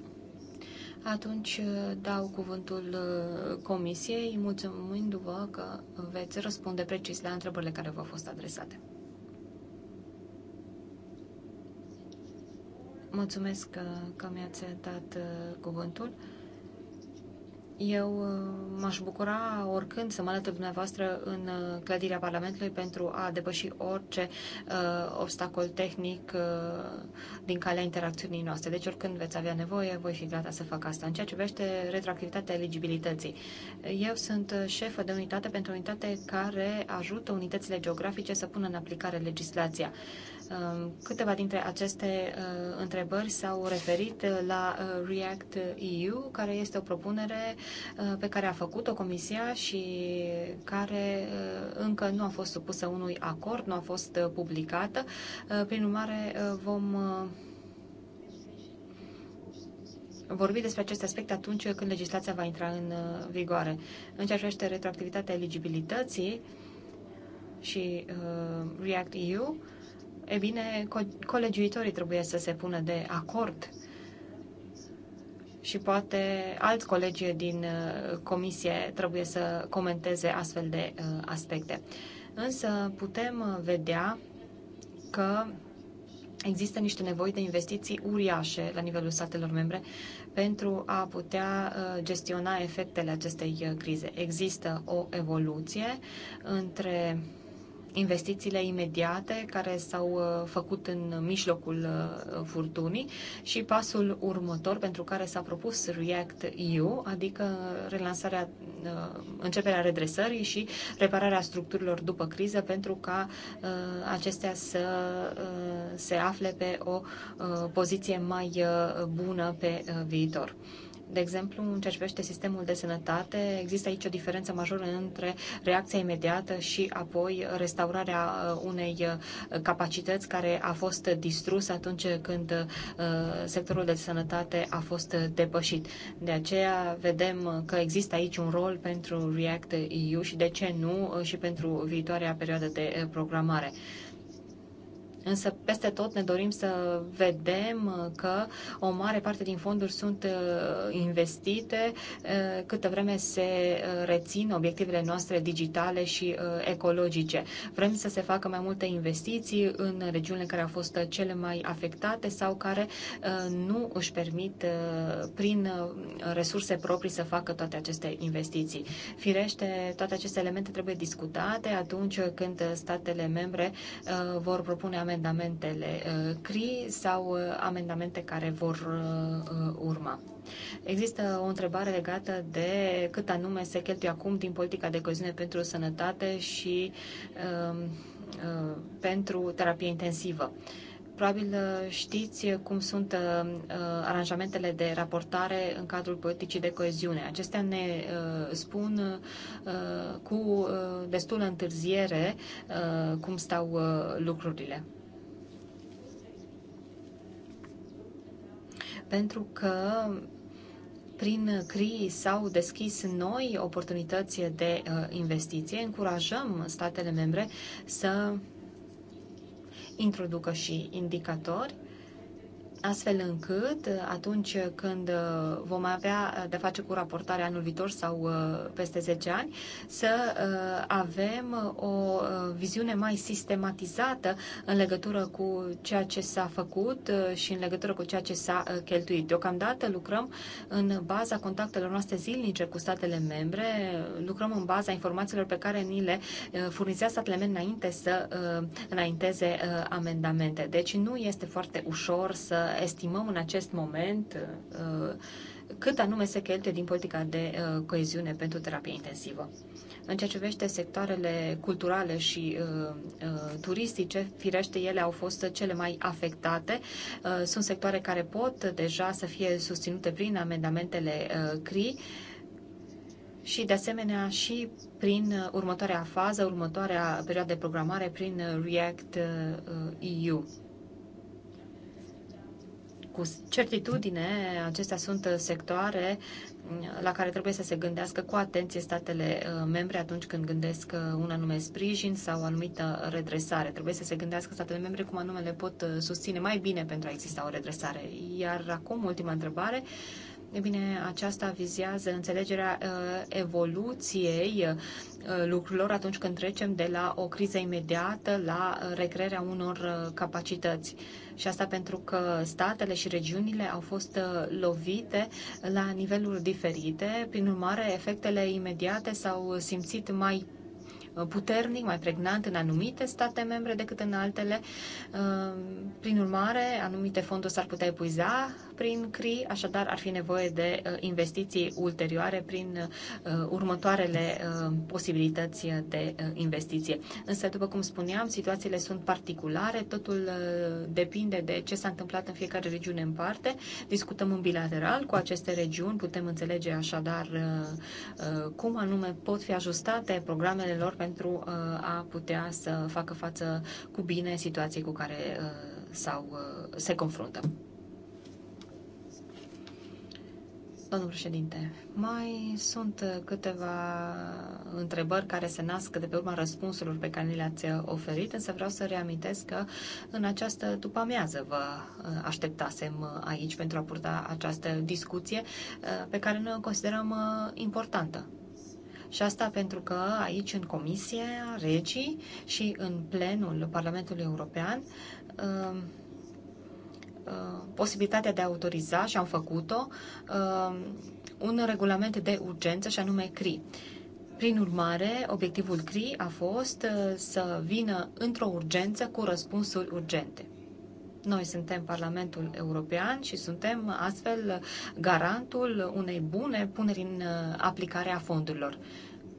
Atunci uh, dau cuvântul uh, comisiei, mulțumindu-vă că veți răspunde precis la întrebările care v-au fost adresate. Mulțumesc uh, că mi-ați dat cuvântul. Eu uh, m-aș bucura oricând să mă alătur dumneavoastră în uh, clădirea Parlamentului pentru a depăși orice uh, obstacol tehnic uh, din calea interacțiunii noastre. Deci oricând veți avea nevoie, voi fi gata să fac asta. În ceea ce privește retroactivitatea eligibilității, eu sunt uh, șefă de unitate pentru unitate care ajută unitățile geografice să pună în aplicare legislația. Uh, Um, câteva dintre aceste uh, întrebări s-au referit uh, la uh, React EU, care este o propunere pe care a făcut-o Comisia și care încă nu a fost supusă unui acord, nu a fost publicată. Prin urmare, vom vorbi despre aceste aspecte atunci când legislația va intra în vigoare. În ceea ce privește retroactivitatea eligibilității și uh, React EU, uh, E bine, co- colegiuitorii trebuie să se pună de acord și poate alți colegi din uh, comisie trebuie să comenteze astfel de uh, aspecte. Însă putem uh, vedea că există niște nevoi de investiții uriașe la nivelul statelor membre pentru a putea gestiona efectele acestei crize. Există o evoluție între investițiile imediate care s-au uh, făcut în mijlocul uh, furtunii și pasul următor pentru care s-a propus React EU, adică relansarea, uh, începerea redresării și repararea structurilor după criză pentru ca acestea să se afle pe o poziție mai bună pe viitor. De exemplu, în ceea ce privește sistemul de sănătate, există aici o diferență majoră între reacția imediată și apoi restaurarea uh, unei uh, capacități care a fost distrusă atunci când uh, sectorul de sănătate a fost depășit. De aceea vedem că există aici un rol pentru React EU și de ce nu și pentru viitoarea perioadă de programare. Însă, peste tot ne dorim să vedem că o mare parte din fonduri sunt uh, investite uh, câtă vreme se uh, rețin obiectivele noastre digitale și ecologice. Vrem să se facă mai multe investiții în regiunile care au fost cele mai afectate sau care nu își permit prin resurse proprii să facă toate aceste investiții. Firește, toate aceste elemente trebuie discutate atunci când statele membre vor propune amendamente amendamentele uh, CRI sau uh, amendamente care vor uh, urma. Există o întrebare legată de cât anume se cheltuie acum din politica de coziune pentru sănătate și um, pentru terapie intensivă. Probabil știți cum sunt aranjamentele de raportare în cadrul politicii de coeziune. Acestea ne spun cu destulă întârziere cum stau lucrurile. pentru că prin CRI s-au deschis noi oportunități de uh, investiție. Încurajăm statele membre să introducă și indicatori astfel încât uh, atunci când uh, vom avea uh, de face cu raportarea anul viitor sau peste 10 ani, să avem o viziune mai sistematizată în legătură cu ceea ce s-a făcut și în legătură cu ceea ce s-a cheltuit. Deocamdată lucrăm în baza contactelor noastre zilnice cu statele membre, lucrăm în baza informațiilor pe care ni le furnizează statele membre înainte să înainteze amendamente. Deci nu este foarte ușor să estimăm în acest moment uh, cât anume se cheltuie din politica de uh, coeziune pentru terapie intensivă. În ceea ce privește sectoarele culturale și uh, uh, turistice, firește, ele au fost cele mai afectate. Uh, sunt sectoare care pot deja să fie susținute prin amendamentele uh, CRI și, de asemenea, și prin uh, următoarea fază, următoarea perioadă de programare, prin React EU cu certitudine, acestea sunt uh, sectoare mm, la care trebuie să se gândească cu atenție statele uh, membre atunci când gândesc uh, un anume sprijin sau o anumită redresare. Trebuie să se gândească statele membre cum anume le pot susține mai bine pentru a exista o redresare. Iar acum, ultima întrebare, E bine, aceasta vizează înțelegerea evoluției lucrurilor atunci când trecem de la o criză imediată la recrearea unor capacități. Și asta pentru că statele și regiunile au fost uh, lovite la niveluri diferite. Prin urmare, efectele imediate s-au uh, simțit mai Uh, puternic, mai pregnant în anumite state membre decât în altele. Uh, prin urmare, anumite fonduri s-ar putea epuiza prin CRI, așadar ar fi nevoie de uh, investiții ulterioare prin următoarele posibilități de investiție. Însă, după cum spuneam, situațiile sunt particulare, totul depinde de ce s-a întâmplat în fiecare regiune în parte. Discutăm în bilateral cu aceste regiuni, putem înțelege așadar cum anume pot fi ajustate programele lor pentru pentru uh, a putea să facă față cu bine situației cu care uh, sau uh, se confruntă. Domnul președinte, mai sunt câteva întrebări care se nasc de pe urma răspunsurilor pe care ni le-ați oferit, însă vreau să reamintesc că în această după-amiază vă așteptasem aici pentru a purta această discuție pe care noi o considerăm importantă. Și asta pentru că aici, în Comisie, Regii și în plenul Parlamentului European, uh, uh, posibilitatea de a autoriza, și am făcut-o, uh, un regulament de urgență, și anume CRI. Prin urmare, obiectivul CRI a fost să vină într-o urgență cu răspunsuri urgente. Noi suntem Parlamentul European și suntem astfel garantul unei bune puneri în uh, aplicare a fondurilor.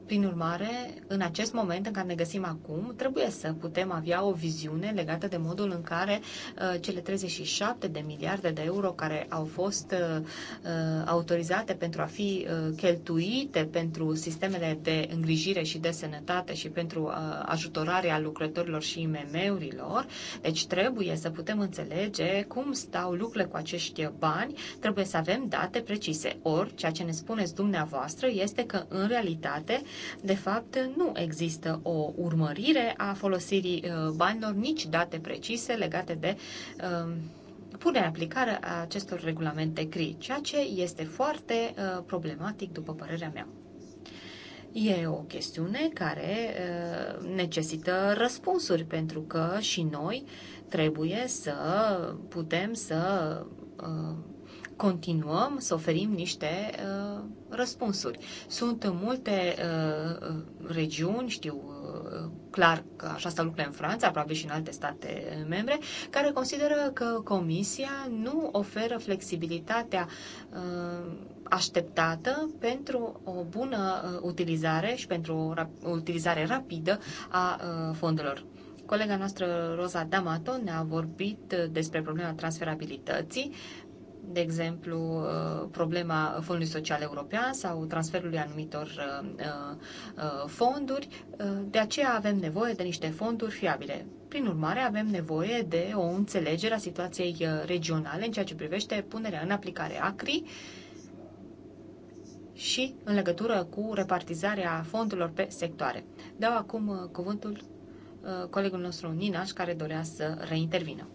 Prin urmare, în acest moment în care ne găsim acum, trebuie să putem avea o viziune legată de modul în care uh, cele 37 de miliarde de euro care au fost uh, uh, autorizate pentru a fi cheltuite pentru sistemele de îngrijire și de sănătate și pentru ajutorarea lucrătorilor și IMM-urilor. Deci trebuie să putem înțelege cum stau lucrurile cu acești bani. Trebuie să avem date precise. Ori, ceea ce ne spuneți dumneavoastră este că, în realitate, de fapt, nu există o urmărire a folosirii uh, banilor, nici date precise legate de um, pune în aplicare a acestor regulamente CRI, ceea ce este foarte uh, problematic, după părerea mea. E o chestiune care uh, necesită răspunsuri, pentru că și noi trebuie să putem să uh, continuăm să oferim niște uh, răspunsuri. Sunt multe uh, regiuni, știu uh, clar că așa stau lucrurile în Franța, aproape și în alte state uh, membre, care consideră că Comisia nu oferă flexibilitatea uh, așteptată pentru o bună uh, utilizare și pentru o utilizare rapidă a uh, fondurilor. Colega noastră, Rosa D'Amato, ne-a vorbit despre problema transferabilității de exemplu, uh, problema Fondului Social European sau transferului anumitor uh, uh, fonduri. De aceea avem nevoie de niște fonduri fiabile. Prin urmare, avem nevoie de o înțelegere a situației regionale în ceea ce privește punerea în aplicare ACRI și în legătură cu repartizarea fondurilor pe sectoare. Dau acum cuvântul colegul nostru Ninaș, care dorea să reintervină.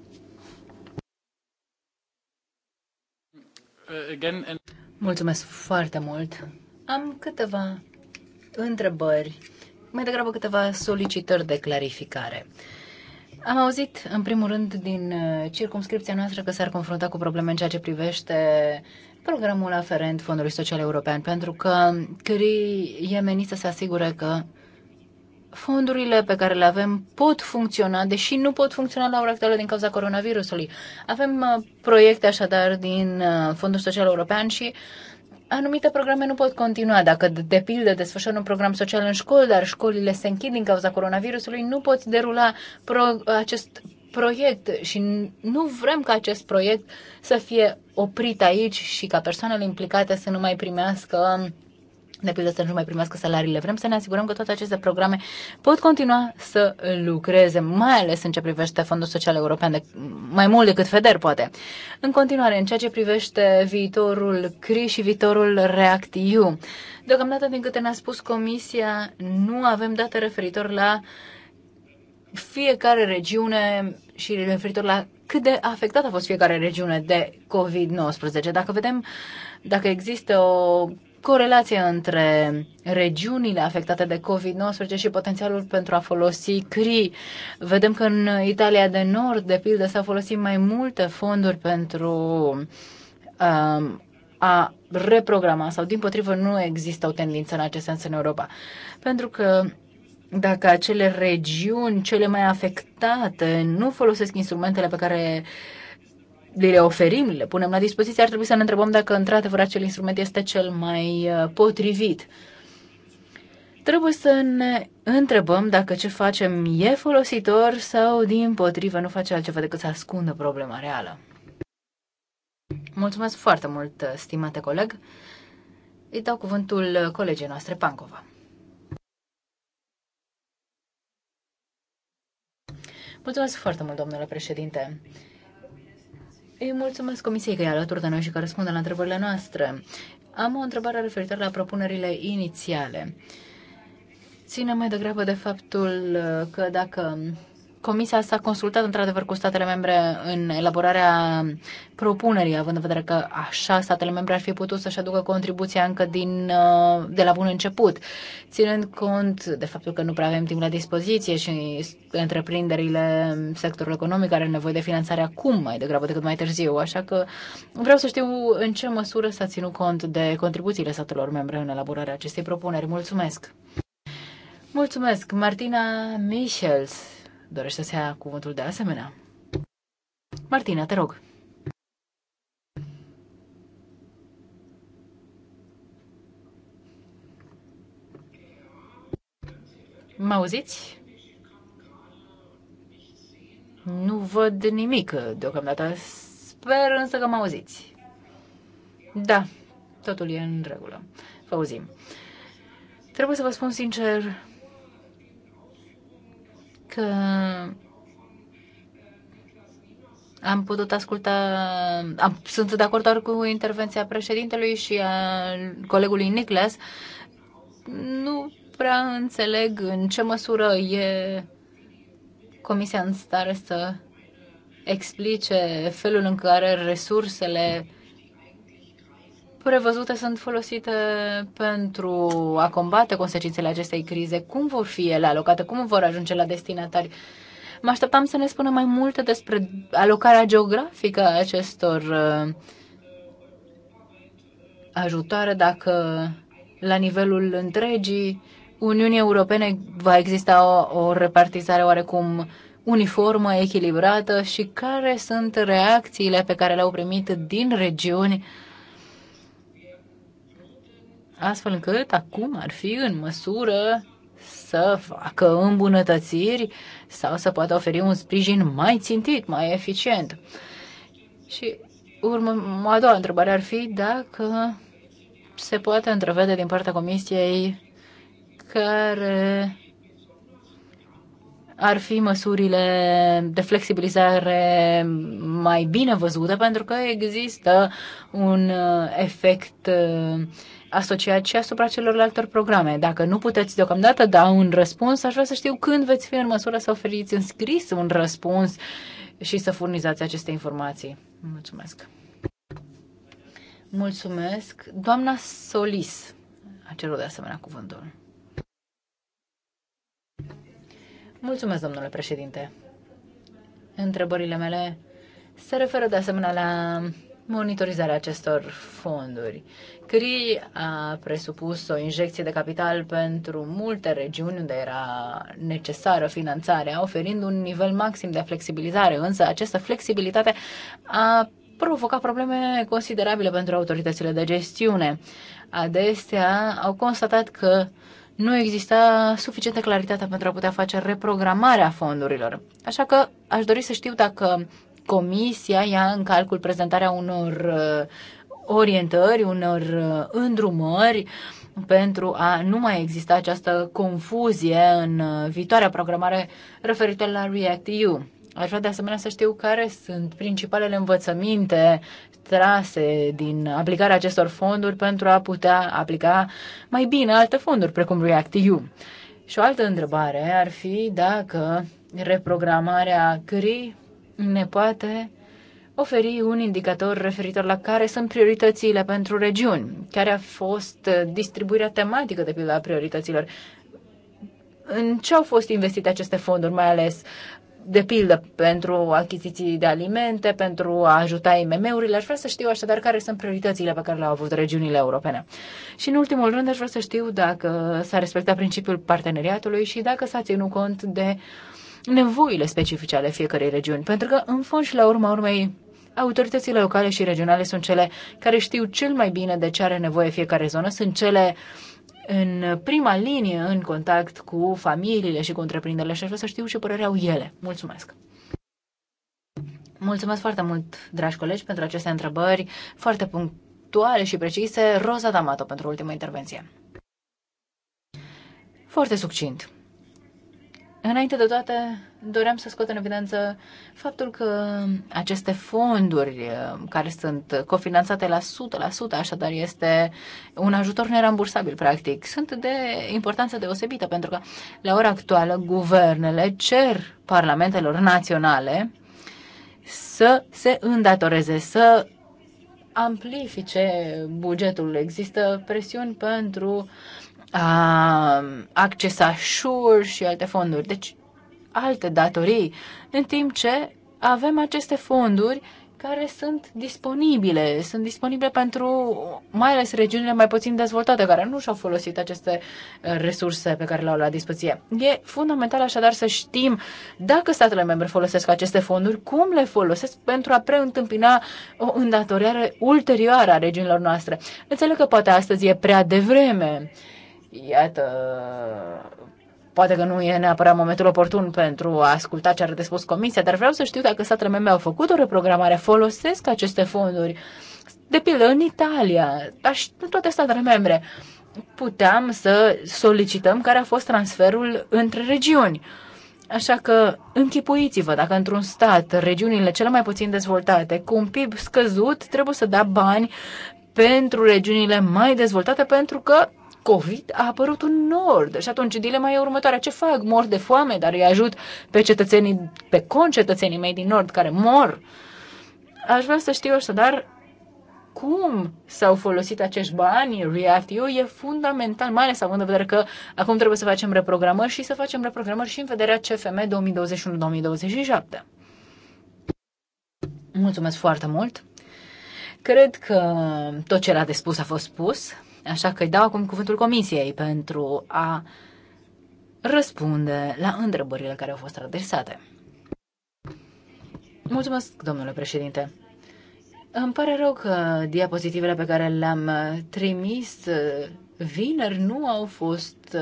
Uh, Mulțumesc foarte mult. Am câteva întrebări, mai degrabă câteva solicitări de clarificare. Am auzit, în primul rând, din uh, circumscripția noastră că s-ar confrunta cu probleme în ceea ce privește programul aferent Fondului Social European, pentru că CRI e menit să se asigure că fondurile pe care le avem pot funcționa, deși nu pot funcționa la ora actuală din cauza coronavirusului. Avem uh, proiecte așadar din uh, Fondul Social European și anumite programe nu pot continua. Dacă, de pildă, desfășori un program social în școli, dar școlile se închid din cauza coronavirusului, nu poți derula pro- acest proiect și nu vrem ca acest proiect să fie oprit aici și ca persoanele implicate să nu mai primească um, de pildă să nu mai primească salariile. Vrem să ne asigurăm că toate aceste programe pot continua să lucreze, mai ales în ce privește Fondul Social European, de, mai mult decât FEDER, poate. În continuare, în ceea ce privește viitorul CRI și viitorul REACT-EU, deocamdată, din câte ne-a spus Comisia, nu avem date referitor la fiecare regiune și referitor la cât de afectată a fost fiecare regiune de COVID-19. Dacă vedem dacă există o corelația între regiunile afectate de COVID-19 și potențialul pentru a folosi CRI. Vedem că în Italia de Nord, de pildă, s-au folosit mai multe fonduri pentru um, a reprograma sau, din potrivă, nu există o tendință în acest sens în Europa. Pentru că dacă acele regiuni cele mai afectate nu folosesc instrumentele pe care uh, le oferim, le punem la dispoziție, ar trebui să ne întrebăm dacă într-adevăr acel instrument este cel mai uh, potrivit. Trebuie să ne întrebăm dacă ce facem e folositor sau, din potrivă, nu face altceva decât să ascundă problema reală. Mulțumesc foarte mult, uh, stimate coleg. Îi dau cuvântul uh, colegii noastre, Pancova. Mulțumesc foarte mult, domnule președinte. Îi mulțumesc Comisiei că e alături de noi și că răspunde la întrebările noastre. Am o întrebare referitor la propunerile inițiale. Ține mai degrabă de faptul uh, că dacă Comisia s-a consultat într-adevăr cu statele membre în elaborarea propunerii, având în vedere că așa statele membre ar fi putut să-și aducă contribuția încă din, uh, de la bun început, ținând cont de faptul că nu prea avem timp la dispoziție și întreprinderile, sectorul economic are nevoie de finanțare acum mai degrabă decât mai târziu, așa că vreau să știu în ce măsură s-a ținut cont de contribuțiile statelor membre în elaborarea acestei propuneri. Mulțumesc! Mulțumesc, Martina Michels Dorește să ia cuvântul de asemenea? Martina, te rog. Mă auziți? Nu văd nimic deocamdată. Sper însă că mă auziți. Da, totul e în regulă. Vă auzim. Trebuie să vă spun sincer că am putut asculta, am, sunt de acord doar cu intervenția președintelui și a colegului Niclas. Nu prea înțeleg în ce măsură e Comisia în stare să explice felul în care resursele uh, prevăzute sunt folosite pentru a combate consecințele acestei crize? Cum vor fi ele alocate? Cum vor ajunge la destinatari? Mă așteptam să ne spună mai multe despre alocarea geografică a acestor uh, ajutoare, dacă la nivelul întregii Uniunii Europene va exista o, o repartizare oarecum uniformă, echilibrată și care sunt reacțiile pe care le-au primit din regiuni astfel încât acum ar fi în măsură să facă îmbunătățiri sau să poată oferi un sprijin mai țintit, mai eficient. Și urmă, a doua întrebare ar fi dacă se poate întrevede din partea Comisiei care ar fi măsurile de flexibilizare mai bine văzute, pentru că există un uh, efect uh, asociat și asupra celorlalte programe. Dacă nu puteți deocamdată da un răspuns, aș vrea să știu când veți fi în măsură să oferiți în scris un răspuns și să furnizați aceste informații. Mulțumesc! Mulțumesc! Doamna Solis a cerut de asemenea cuvântul. Mulțumesc, domnule președinte! Întrebările mele se referă de asemenea la monitorizarea acestor fonduri. CRI a presupus o injecție de capital pentru multe regiuni unde era necesară finanțarea, oferind un nivel maxim de flexibilizare, însă această flexibilitate a provocat probleme considerabile pentru autoritățile de gestiune. Adesea au constatat că nu exista suficientă claritate pentru a putea face reprogramarea fondurilor. Așa că aș dori să știu dacă Comisia ia în calcul prezentarea unor uh, orientări, unor uh, îndrumări pentru a nu mai exista această confuzie în uh, viitoarea programare referită la REACT-EU. Aș vrea de asemenea să știu care sunt principalele învățăminte trase din aplicarea acestor fonduri pentru a putea aplica mai bine alte fonduri, precum REACT-EU. Și o altă întrebare ar fi dacă reprogramarea CRI ne poate oferi un indicator referitor la care sunt prioritățile pentru regiuni, care a fost distribuirea tematică de pildă a priorităților, în ce au fost investite aceste fonduri, mai ales de pildă pentru achiziții de alimente, pentru a ajuta IMM-urile. Aș vrea să știu așadar care sunt prioritățile pe care le-au avut regiunile europene. Și în ultimul rând aș vrea să știu dacă s-a respectat principiul parteneriatului și dacă s-a ținut cont de uh, nevoile specifice ale fiecărei regiuni, pentru că, în fond și la urma urmei, autoritățile locale și regionale sunt cele care știu cel mai bine de ce are nevoie fiecare zonă, sunt cele în prima linie în contact cu familiile și cu întreprinderile și aș vrea să știu ce părere au ele. Mulțumesc! Mulțumesc foarte mult, dragi colegi, pentru aceste întrebări foarte punctuale și precise. Rosa D'Amato pentru ultima intervenție. Foarte succint. Înainte de toate, doream să scot în evidență faptul că aceste fonduri eh, care sunt cofinanțate la 100%, așadar este un ajutor nerambursabil, practic, sunt de importanță deosebită, pentru că la ora actuală guvernele cer parlamentelor naționale să se îndatoreze, să amplifice bugetul. Există presiuni pentru a accesa șuri și alte fonduri, deci alte datorii, în timp ce avem aceste fonduri care sunt disponibile, sunt disponibile pentru mai ales regiunile mai puțin dezvoltate, care nu și-au folosit aceste uh, resurse pe care le-au la dispoziție. E fundamental așadar să știm dacă statele membre folosesc aceste fonduri, cum le folosesc pentru a preîntâmpina o îndatorare ulterioară a regiunilor noastre. Înțeleg că poate astăzi e prea devreme, vreme. Iată, poate că nu e neapărat momentul oportun pentru a asculta ce are de spus Comisia, dar vreau să știu dacă statele membre au făcut o reprogramare, folosesc aceste fonduri. De pildă, în Italia, dar și în toate statele membre, puteam să solicităm care a fost transferul între regiuni. Așa că închipuiți-vă dacă într-un stat, regiunile cele mai puțin dezvoltate, cu un PIB scăzut, trebuie să dea bani pentru regiunile mai dezvoltate pentru că COVID a apărut în nord. Și atunci dilema e următoarea. Ce fac? Mor de foame, dar îi ajut pe cetățenii, pe concetățenii mei din nord care mor. Aș vrea să știu dar cum s-au folosit acești bani, React-EU e fundamental, mai ales având în vedere că acum trebuie să facem reprogramări și să facem reprogramări și în vederea CFM 2021-2027. Mulțumesc foarte mult! Cred că tot ce era de spus a fost spus. Așa că îi dau acum cuvântul Comisiei pentru a răspunde la întrebările care au fost adresate. Mulțumesc, domnule președinte. Îmi pare rău că diapozitivele pe care le-am trimis vineri nu au fost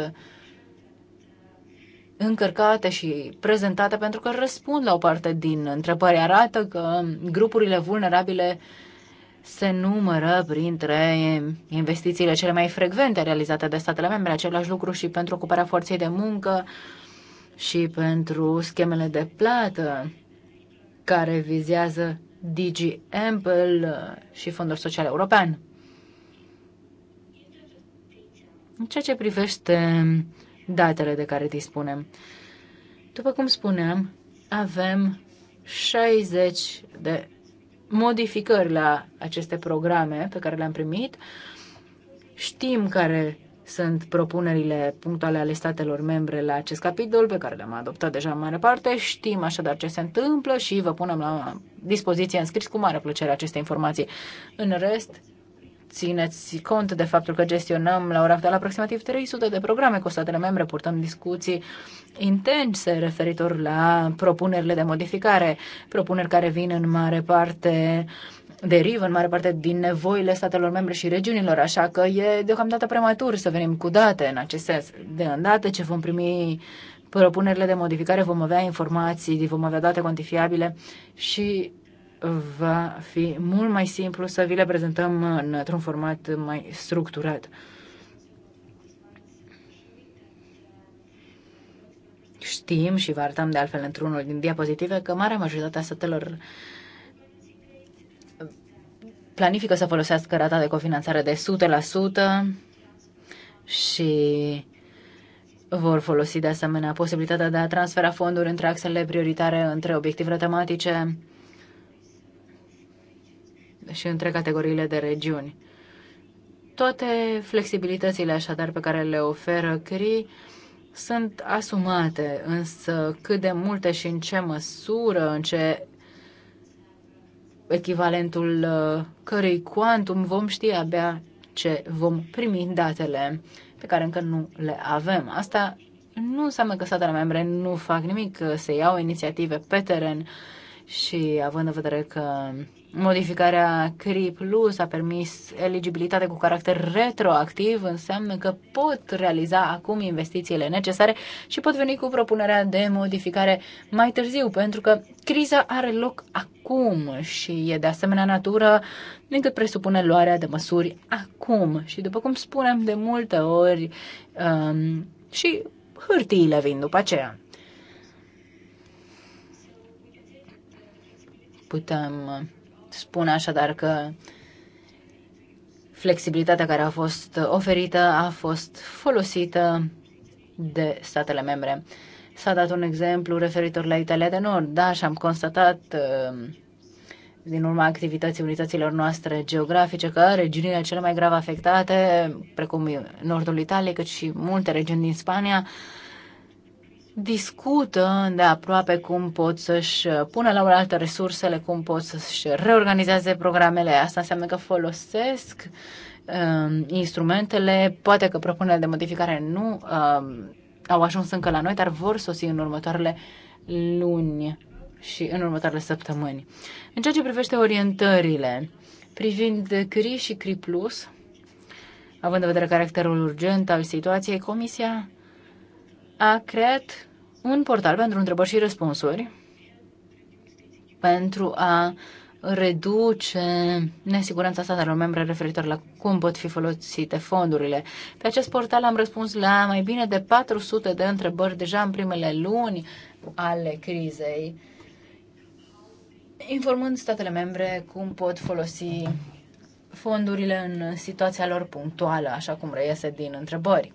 încărcate și prezentate pentru că răspund la o parte din întrebări. Arată că grupurile vulnerabile uh, se numără printre investițiile cele mai frecvente realizate de statele membre. Același lucru și pentru ocuparea forței de muncă și pentru schemele de plată care vizează DG Ample uh, și Fondul Social European. În ceea ce privește datele de care dispunem, după cum spuneam, avem 60 de modificări la aceste programe pe care le-am primit. Știm care sunt propunerile punctuale ale statelor membre la acest capitol, pe care le-am adoptat deja în mare parte. Știm așadar ce se întâmplă și vă punem la dispoziție în scris cu mare plăcere aceste informații. În rest, țineți cont de faptul că gestionăm la ora actuală aproximativ 300 de programe cu statele membre, purtăm discuții intense referitor la propunerile de modificare, propuneri care vin în mare parte derivă în mare parte din nevoile statelor membre și regiunilor, așa că e deocamdată prematur să venim cu date în acest sens. De îndată ce vom primi propunerile de modificare, vom avea informații, vom avea date cuantifiabile și va fi mult mai simplu să vi le prezentăm într-un format mai structurat. Știm și vă arătam de altfel într-unul din diapozitive că marea majoritate a satelor planifică să folosească rata de cofinanțare de 100% și vor folosi de asemenea posibilitatea de a transfera fonduri între axele prioritare, între obiectivele tematice și între categoriile de regiuni. Toate flexibilitățile așadar pe care le oferă CRI sunt asumate, însă cât de multe și în ce măsură, în ce echivalentul uh, cărui quantum vom ști abia ce vom primi datele pe care încă nu le avem. Asta nu înseamnă că statele membre nu fac nimic, se iau inițiative pe teren și având în vedere că Modificarea CRI Plus a permis eligibilitate cu caracter retroactiv, înseamnă că pot realiza acum investițiile necesare și pot veni cu propunerea de modificare mai târziu, pentru că criza are loc acum și e de asemenea natură încât presupune luarea de măsuri acum. Și după cum spunem de multe ori, um, și hârtiile vin după aceea. Putem Spun așadar că flexibilitatea care a fost oferită a fost folosită de statele membre. S-a dat un exemplu referitor la Italia de Nord. Da, și am constatat uh, din urma activității unităților noastre geografice că regiunile cele mai grav afectate, precum nordul Italiei, cât și multe regiuni din Spania, discută de aproape cum pot să-și pună la oaltă resursele, cum pot să-și reorganizeze programele. Asta înseamnă că folosesc um, instrumentele, poate că propunerile de modificare nu um, au ajuns încă la noi, dar vor sosi în următoarele luni și în următoarele săptămâni. În ceea ce privește orientările, privind CRI și CRI+, Plus, având în vedere caracterul urgent al situației, Comisia a creat un portal pentru întrebări și răspunsuri pentru a reduce nesiguranța statelor membre referitor la cum pot fi folosite fondurile. Pe acest portal am răspuns la mai bine de 400 de întrebări deja în primele luni ale crizei, informând statele membre cum pot folosi fondurile în situația lor punctuală, așa cum reiese din întrebări.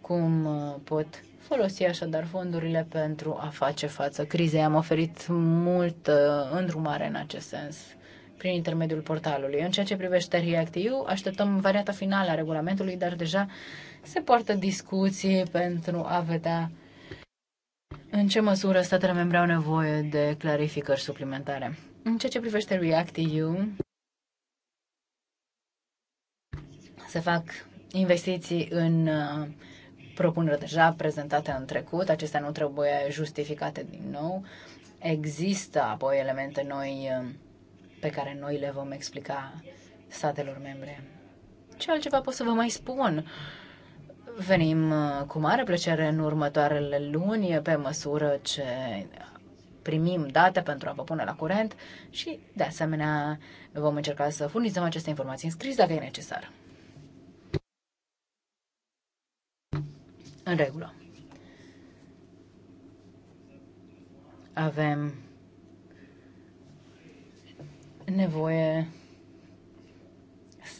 Cum pot folosi așadar fondurile pentru a face față crizei. Am oferit multă uh, îndrumare în acest sens prin intermediul portalului. În ceea ce privește REACT-EU, așteptăm varianta finală a regulamentului, dar deja se poartă discuții pentru a vedea în ce măsură statele membre au nevoie de clarificări suplimentare. În ceea ce privește REACT-EU, se fac investiții în uh, propuneri deja prezentate în trecut, acestea nu trebuie justificate din nou. Există apoi elemente noi uh, pe care noi le vom explica statelor membre. Ce altceva pot să vă mai spun? Venim uh, cu mare plăcere în următoarele luni, pe măsură ce primim date pentru a vă pune la curent și, de asemenea, vom încerca să furnizăm aceste informații în scris dacă e necesar. în regulă. Avem nevoie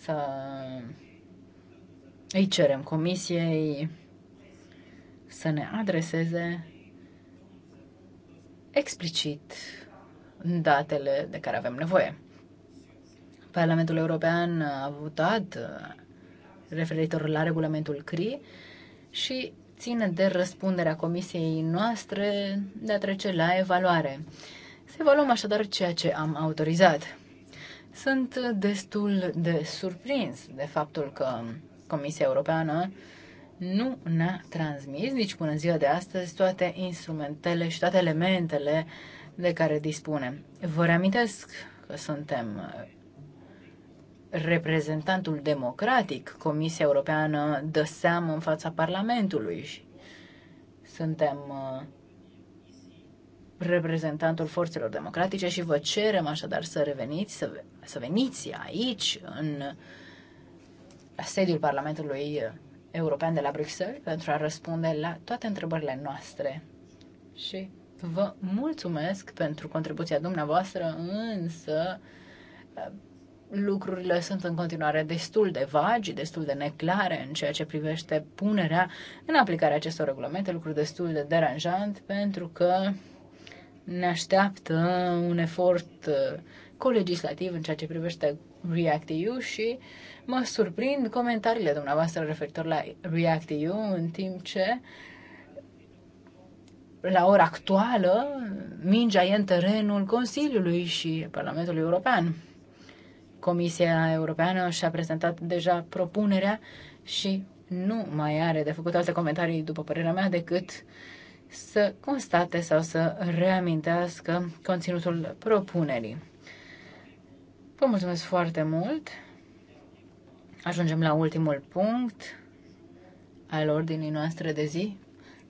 să îi cerem comisiei să ne adreseze explicit datele de care avem nevoie. Parlamentul European a votat referitor la regulamentul CRI și ține de răspunderea comisiei noastre de a trece la evaluare. Să evaluăm așadar ceea ce am autorizat. Sunt destul de surprins de faptul că Comisia Europeană nu ne-a transmis nici până ziua de astăzi toate instrumentele și toate elementele de care dispunem. Vă reamintesc că suntem reprezentantul democratic, Comisia Europeană dă seamă în fața Parlamentului și suntem uh, reprezentantul forțelor democratice și vă cerem așadar să reveniți, să, să veniți aici, în sediul Parlamentului European de la Bruxelles, pentru a răspunde la toate întrebările noastre. Și vă mulțumesc pentru contribuția dumneavoastră, însă lucrurile sunt în continuare destul de vagi, destul de neclare în ceea ce privește punerea în aplicare acestor regulamente, Lucruri destul de deranjant pentru că ne așteaptă un efort uh, colegislativ în ceea ce privește React-EU și mă surprind comentariile dumneavoastră referitor la React-EU în timp ce la ora actuală mingea e în terenul Consiliului și Parlamentului European. Comisia Europeană și-a prezentat deja propunerea și nu mai are de făcut alte comentarii, după părerea mea, decât să constate sau să reamintească conținutul propunerii. Vă mulțumesc foarte mult! Ajungem la ultimul punct al ordinii noastre de zi.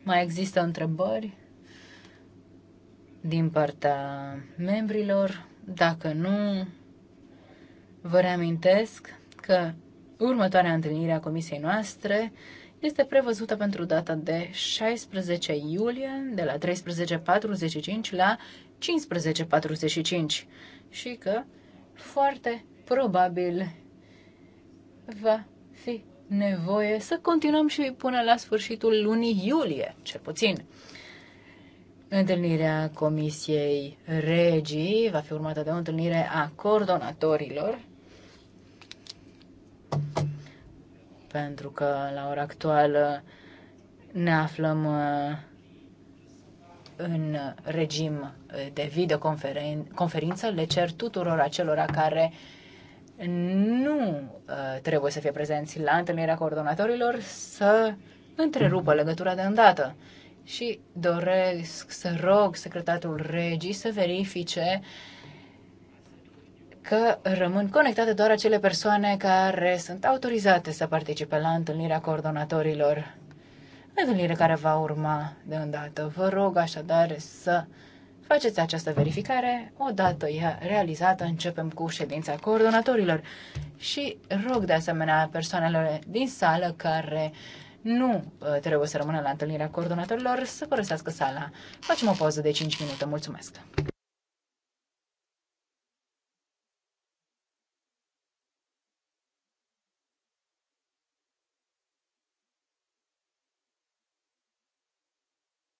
Mai există întrebări din partea membrilor? Dacă nu, Vă reamintesc că următoarea întâlnire a comisiei noastre este prevăzută pentru data de 16 iulie de la 13.45 la 15.45 și că foarte probabil va fi nevoie să continuăm și până la sfârșitul lunii iulie, cel puțin. Întâlnirea Comisiei Regii va fi urmată de o întâlnire a coordonatorilor pentru că la ora actuală ne aflăm uh, în regim uh, de videoconferință. Le cer tuturor acelora care nu uh, trebuie să fie prezenți la întâlnirea coordonatorilor să întrerupă legătura de îndată și doresc să rog secretarul regii să verifice uh, că rămân conectate doar acele persoane care sunt autorizate să participe la întâlnirea coordonatorilor. Întâlnire care va urma de îndată. Vă rog așadar să faceți această verificare. Odată ea realizată, începem cu ședința coordonatorilor. Și rog de asemenea persoanele din sală care nu uh, trebuie să rămână la întâlnirea coordonatorilor să părăsească sala. Facem o pauză de 5 minute. Mulțumesc!